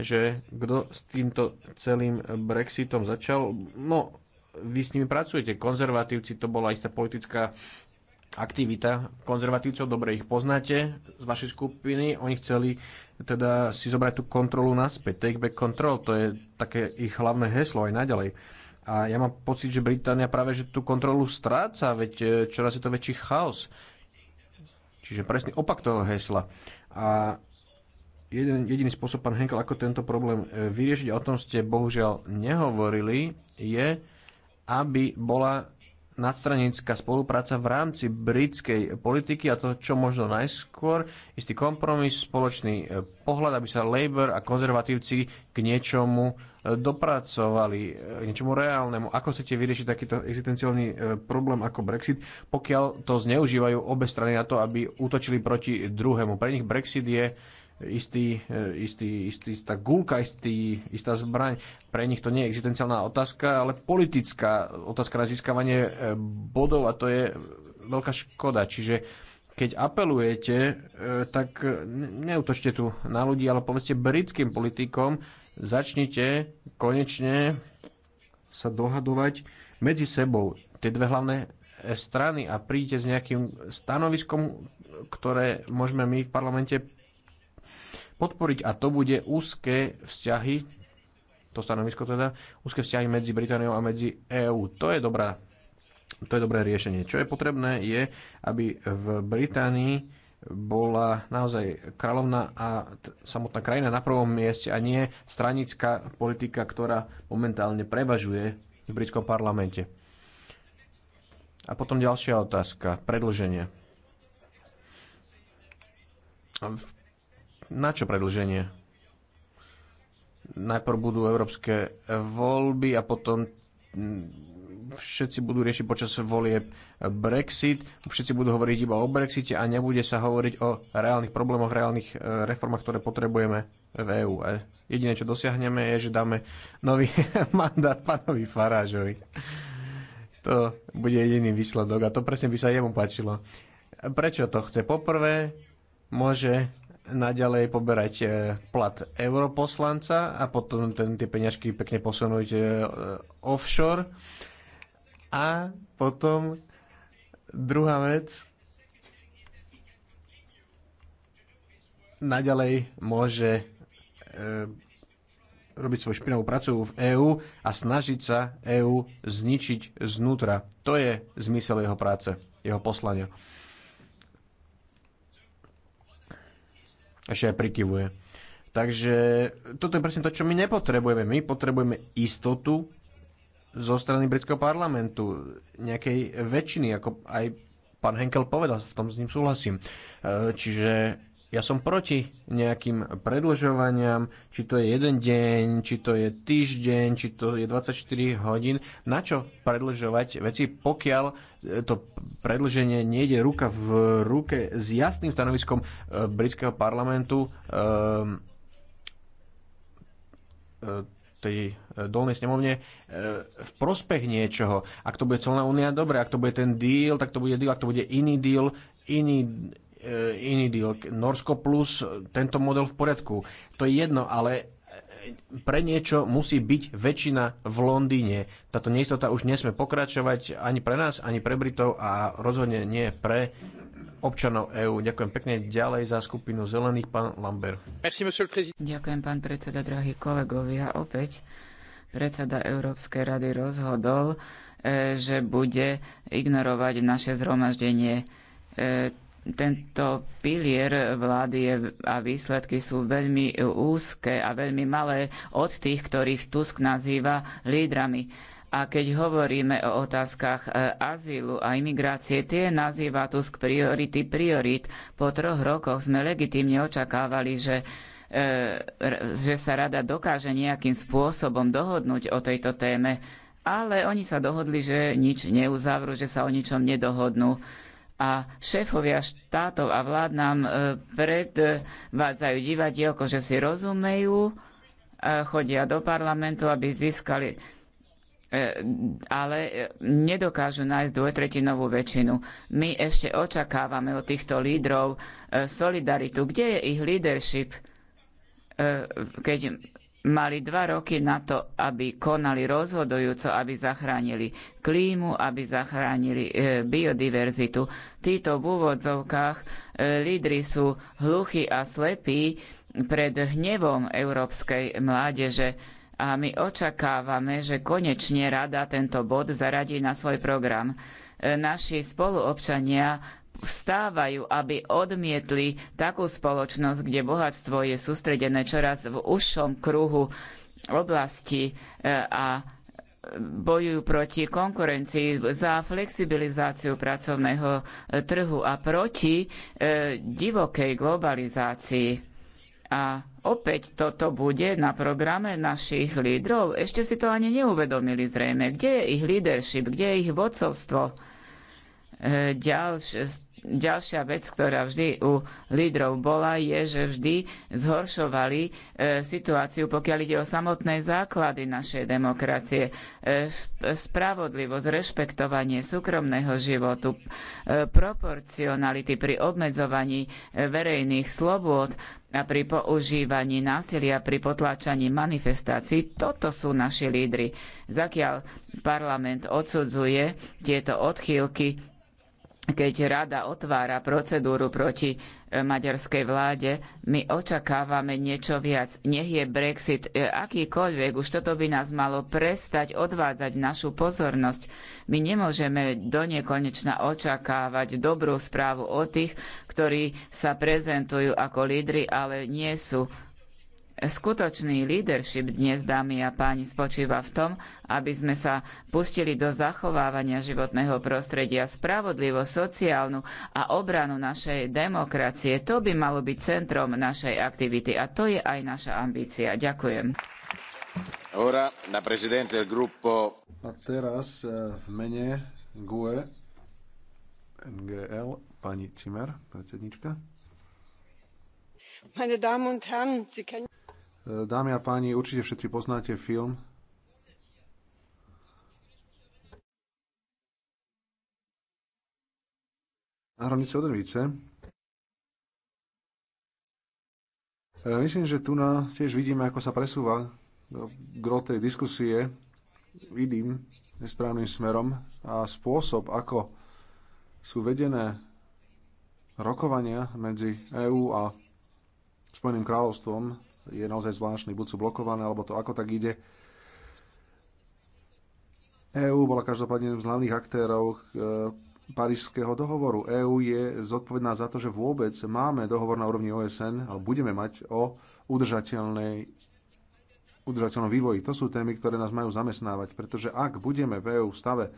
že kto s týmto celým Brexitom začal, no vy s nimi pracujete. Konzervatívci to bola istá politická aktivita konzervatívcov, dobre ich poznáte z vašej skupiny. Oni chceli teda si zobrať tú kontrolu naspäť. Take back control, to je také ich hlavné heslo aj naďalej. A ja mám pocit, že Británia práve že tú kontrolu stráca, veď e, čoraz je to väčší chaos. Čiže presný opak toho hesla. A jeden, jediný spôsob, pán Henkel, ako tento problém e, vyriešiť, a o tom ste bohužiaľ nehovorili, je, aby bola nadstranická spolupráca v rámci britskej politiky a to, čo možno najskôr, istý kompromis, spoločný e, pohľad, aby sa Labour a konzervatívci k niečomu e, dopracovali, e, k niečomu reálnemu. Ako chcete vyriešiť takýto existenciálny problém ako Brexit, pokiaľ to zneužívajú obe strany na to, aby útočili proti druhému. Pre nich Brexit je istý, e, istý, istý, istá gulka, istý, istá zbraň. Pre nich to nie je existenciálna otázka, ale politická otázka na získavanie e, bodov a to je veľká škoda. Čiže keď apelujete, e, tak neutočte tu na ľudí, ale povedzte britským politikom, začnite konečne sa dohadovať medzi sebou tie dve hlavné strany a príďte s nejakým stanoviskom, ktoré môžeme my v parlamente podporiť a to bude úzke vzťahy, to stanovisko teda, úzke vzťahy medzi Britániou a medzi EÚ. To je dobrá to je dobré riešenie. Čo je potrebné je, aby v Británii bola naozaj kráľovná a samotná krajina na prvom mieste a nie stranická politika, ktorá momentálne prevažuje v britskom parlamente. A potom ďalšia otázka, predlženie. V na čo predlženie? Najprv budú európske voľby a potom mm, všetci budú riešiť počas volie Brexit, všetci budú hovoriť iba o Brexite a nebude sa hovoriť o reálnych problémoch, reálnych e, reformách, ktoré potrebujeme v EÚ. jediné, čo dosiahneme, je, že dáme nový mandát pánovi Farážovi. To bude jediný výsledok a to presne by sa jemu páčilo. Prečo to chce? Poprvé, môže naďalej poberať e, plat europoslanca a potom ten, tie peňažky pekne posunúť e, offshore. A potom druhá vec, naďalej môže e, robiť svoju špinavú prácu v EÚ a snažiť sa EÚ zničiť znútra. To je zmysel jeho práce, jeho poslania. ešte aj prikyvuje. Takže toto je presne to, čo my nepotrebujeme. My potrebujeme istotu zo strany britského parlamentu, nejakej väčšiny, ako aj pán Henkel povedal, v tom s ním súhlasím. E, čiže ja som proti nejakým predlžovaniam, či to je jeden deň, či to je týždeň, či to je 24 hodín. Na čo predlžovať veci, pokiaľ e, to predlženie nejde ruka v ruke s jasným stanoviskom e, britského parlamentu ehm, e, tej dolnej snemovne v prospech niečoho. Ak to bude celná únia, dobre, ak to bude ten deal, tak to bude deal, ak to bude iný deal, iný, E, iný deal. Norsko plus e, tento model v poriadku. To je jedno, ale e, pre niečo musí byť väčšina v Londýne. Táto neistota už nesme pokračovať ani pre nás, ani pre Britov a rozhodne nie pre občanov EÚ. Ďakujem pekne ďalej za skupinu zelených, pán Lambert. Merci, Ďakujem, pán predseda, drahí kolegovia. Opäť predseda Európskej rady rozhodol, že bude ignorovať naše zhromaždenie tento pilier vlády je, a výsledky sú veľmi úzke a veľmi malé od tých, ktorých Tusk nazýva lídrami. A keď hovoríme o otázkach e, azylu a imigrácie, tie nazýva Tusk priority priorit. Po troch rokoch sme legitímne očakávali, že e, že sa rada dokáže nejakým spôsobom dohodnúť o tejto téme, ale oni sa dohodli, že nič neuzavrú, že sa o ničom nedohodnú a šéfovia štátov a vlád nám e, predvádzajú divadielko, že si rozumejú, e, chodia do parlamentu, aby získali e, ale nedokážu nájsť dvojtretinovú väčšinu. My ešte očakávame od týchto lídrov solidaritu. Kde je ich leadership, keď mali dva roky na to, aby konali rozhodujúco, aby zachránili klímu, aby zachránili e, biodiverzitu. Títo v úvodzovkách e, lídry sú hluchí a slepí pred hnevom európskej mládeže a my očakávame, že konečne rada tento bod zaradí na svoj program. E, naši spoluobčania vstávajú, aby odmietli takú spoločnosť, kde bohatstvo je sústredené čoraz v užšom kruhu oblasti e, a e, bojujú proti konkurencii za flexibilizáciu pracovného e, trhu a proti divokej globalizácii. A opäť toto bude na programe našich lídrov. Ešte si to ani neuvedomili zrejme. Kde je ich leadership, kde je ich vodcovstvo? ďalš, Ďalšia vec, ktorá vždy u lídrov bola, je, že vždy zhoršovali e, situáciu, pokiaľ ide o samotné základy našej demokracie. E, spravodlivosť, rešpektovanie súkromného životu, e, proporcionality pri obmedzovaní e, verejných slobôd a pri používaní násilia, pri potláčaní manifestácií. Toto sú naši lídry. Zakiaľ parlament odsudzuje tieto odchýlky, keď rada otvára procedúru proti e, maďarskej vláde, my očakávame niečo viac. Nech je Brexit e, akýkoľvek, už toto by nás malo prestať odvádzať našu pozornosť. My nemôžeme do nekonečna očakávať dobrú správu o tých, ktorí sa prezentujú ako lídry, ale nie sú Skutočný leadership dnes, dámy a páni, spočíva v tom, aby sme sa pustili do zachovávania životného prostredia, spravodlivo sociálnu a obranu našej demokracie. To by malo byť centrom našej aktivity a to je aj naša ambícia. Ďakujem. Ora, na A teraz eh, v mene GUE NGL pani Cimer, predsednička. Meine Damen und Herren, Sie kennen... Dámy a páni, určite všetci poznáte film Na hranice Odenvice. E, myslím, že tu na, tiež vidíme, ako sa presúva gro tej diskusie. Vidím nesprávnym smerom a spôsob, ako sú vedené rokovania medzi EÚ a Spojeným kráľovstvom je naozaj zvláštny, buď sú blokované, alebo to ako tak ide. EÚ bola každopádne jedným z hlavných aktérov e, Parížského dohovoru. EÚ je zodpovedná za to, že vôbec máme dohovor na úrovni OSN, ale budeme mať o udržateľnej udržateľnom vývoji. To sú témy, ktoré nás majú zamestnávať, pretože ak budeme v EÚ stave,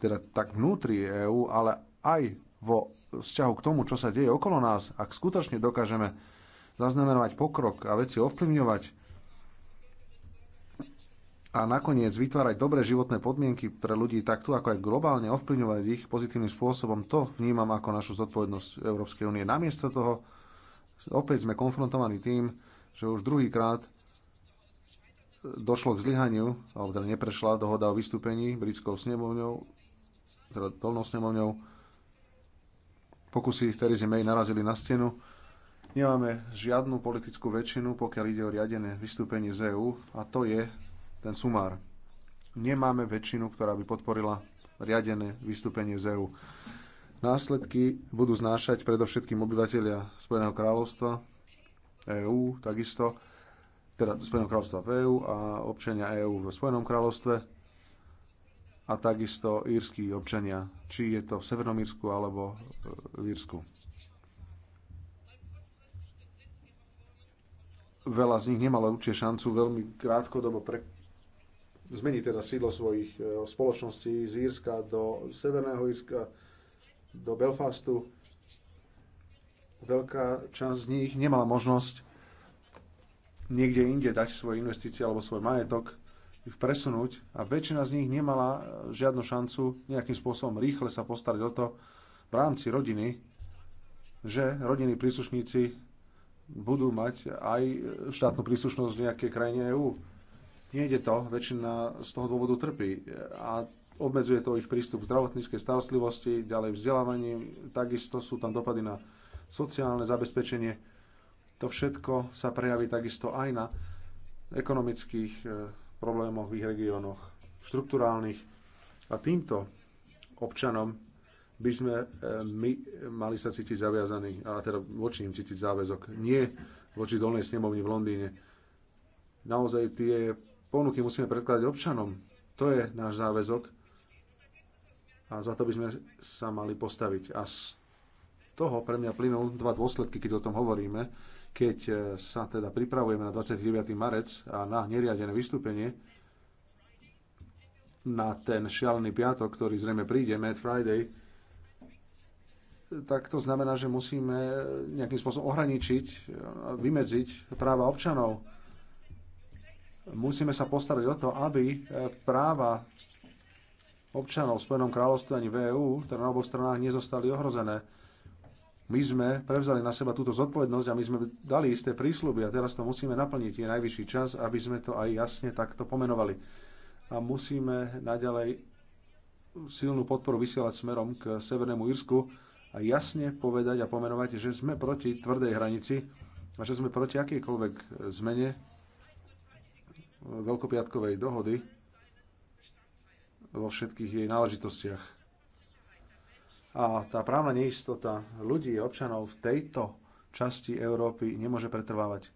teda tak vnútri EÚ, ale aj vo vzťahu k tomu, čo sa deje okolo nás, ak skutočne dokážeme zaznamenávať pokrok a veci ovplyvňovať a nakoniec vytvárať dobré životné podmienky pre ľudí takto, ako aj globálne ovplyvňovať ich pozitívnym spôsobom, to vnímam ako našu zodpovednosť Európskej únie. Namiesto toho opäť sme konfrontovaní tým, že už druhýkrát došlo k zlyhaniu, alebo teda neprešla dohoda o vystúpení britskou snemovňou, teda dolnou snemovňou. Pokusy Terezy May narazili na stenu. Nemáme žiadnu politickú väčšinu, pokiaľ ide o riadené vystúpenie z EÚ a to je ten sumár. Nemáme väčšinu, ktorá by podporila riadené vystúpenie z EÚ. Následky budú znášať predovšetkým obyvateľia Spojeného kráľovstva, EÚ takisto, teda Spojeného kráľovstva v EÚ a občania EÚ v Spojenom kráľovstve a takisto írsky občania, či je to v Severnom Írsku alebo v Írsku. veľa z nich nemalo určite šancu veľmi krátkodobo pre... zmeniť teda sídlo svojich e, spoločností z Írska do Severného Írska, do Belfastu. Veľká časť z nich nemala možnosť niekde inde dať svoje investície alebo svoj majetok, ich presunúť a väčšina z nich nemala e, žiadnu šancu nejakým spôsobom rýchle sa postarať o to v rámci rodiny, že rodinní príslušníci budú mať aj štátnu príslušnosť v nejakej krajine EÚ. Nejde to, väčšina z toho dôvodu trpí a obmedzuje to ich prístup k zdravotníckej starostlivosti, ďalej vzdelávaním, takisto sú tam dopady na sociálne zabezpečenie. To všetko sa prejaví takisto aj na ekonomických e, problémoch v ich regiónoch, štruktúrálnych. A týmto občanom by sme e, my mali sa cítiť zaviazaní, a teda voči im cítiť záväzok, nie voči dolnej snemovni v Londýne. Naozaj tie ponuky musíme predkladať občanom. To je náš záväzok a za to by sme sa mali postaviť. A z toho pre mňa plynú dva dôsledky, keď o tom hovoríme. Keď e, sa teda pripravujeme na 29. marec a na neriadené vystúpenie, na ten šialený piatok, ktorý zrejme príde, Mad Friday, tak to znamená, že musíme nejakým spôsobom ohraničiť, vymedziť práva občanov. Musíme sa postarať o to, aby práva občanov v Spojenom kráľovstve ani v EU, ktoré na oboch stranách nezostali ohrozené. My sme prevzali na seba túto zodpovednosť a my sme dali isté prísľuby a teraz to musíme naplniť. Je najvyšší čas, aby sme to aj jasne takto pomenovali. A musíme naďalej silnú podporu vysielať smerom k Severnému Írsku, a jasne povedať a pomenovať, že sme proti tvrdej hranici a že sme proti akýkoľvek zmene eh, veľkopiatkovej dohody vo všetkých jej náležitostiach. A tá právna neistota ľudí, a občanov v tejto časti Európy nemôže pretrvávať.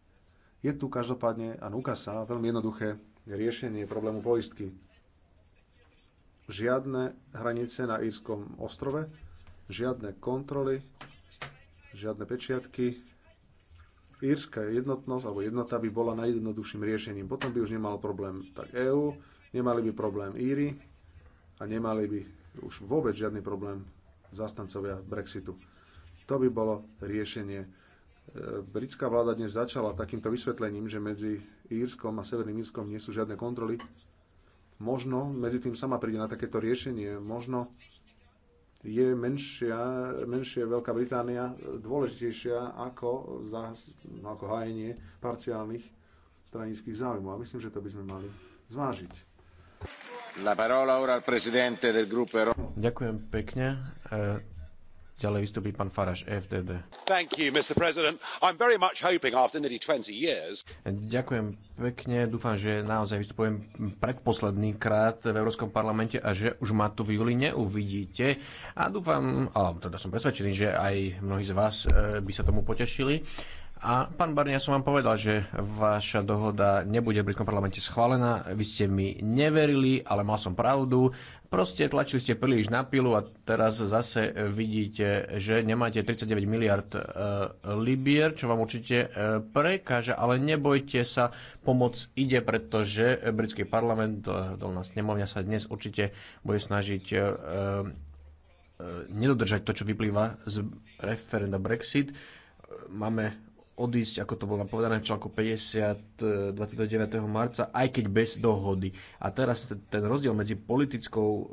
Je tu každopádne a núka sa veľmi jednoduché riešenie problému poistky. Žiadne hranice na Írskom ostrove, žiadne kontroly, žiadne pečiatky. Írska jednotnosť alebo jednota by bola najjednoduchším riešením. Potom by už nemalo problém tak EÚ, nemali by problém Íry a nemali by už vôbec žiadny problém zastancovia Brexitu. To by bolo riešenie. E, britská vláda dnes začala takýmto vysvetlením, že medzi Írskom a Severným Írskom nie sú žiadne kontroly. Možno medzi tým sama príde na takéto riešenie. Možno je menšia, menšia Veľká Británia dôležitejšia ako, za, no, ako hájenie parciálnych stranických záujmov. A myslím, že to by sme mali zvážiť. Ďakujem pekne. E, Ďalej vystúpi pán Faraš, FDD. You, years... Ďakujem pekne. Dúfam, že naozaj vystupujem predposledný krát v Európskom parlamente a že už ma tu v júli neuvidíte. A dúfam, alebo teda som presvedčený, že aj mnohí z vás eh, by sa tomu potešili. A pán Barni, ja som vám povedal, že vaša dohoda nebude v Britskom parlamente schválená. Vy ste mi neverili, ale mal som pravdu. Proste tlačili ste príliš na pilu a teraz zase vidíte, že nemáte 39 miliard e, libier, čo vám určite e, prekáže, ale nebojte sa, pomoc ide, pretože britský parlament, do e, dolná snemovňa sa dnes určite bude snažiť e, e, nedodržať to, čo vyplýva z referenda Brexit. Máme odísť, ako to bolo napovedané v článku 50 29. marca, aj keď bez dohody. A teraz ten rozdiel medzi politickou e,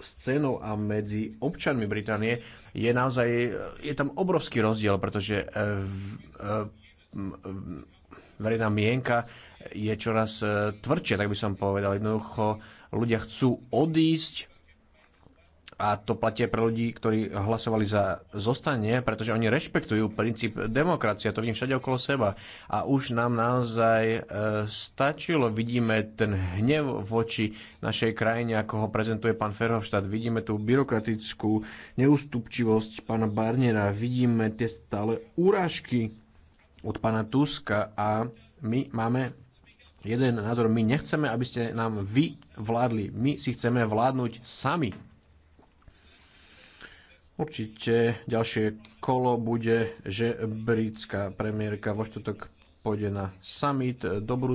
scénou a medzi občanmi Británie je naozaj, e, je tam obrovský rozdiel, pretože e, verejná mienka je čoraz tvrdšia, tak by som povedal. Jednoducho ľudia chcú odísť, a to platí pre ľudí, ktorí hlasovali za zostanie, pretože oni rešpektujú princíp demokracie, to vidím všade okolo seba. A už nám naozaj e, stačilo, vidíme ten hnev voči našej krajine, ako ho prezentuje pán Ferhovštát, vidíme tú byrokratickú neústupčivosť pána Barnera, vidíme tie stále úražky od pána Tuska a my máme jeden názor. My nechceme, aby ste nám vy vládli. My si chceme vládnuť sami. Určite ďalšie kolo bude, že britská premiérka vo štvrtok pôjde na summit do Bruselu.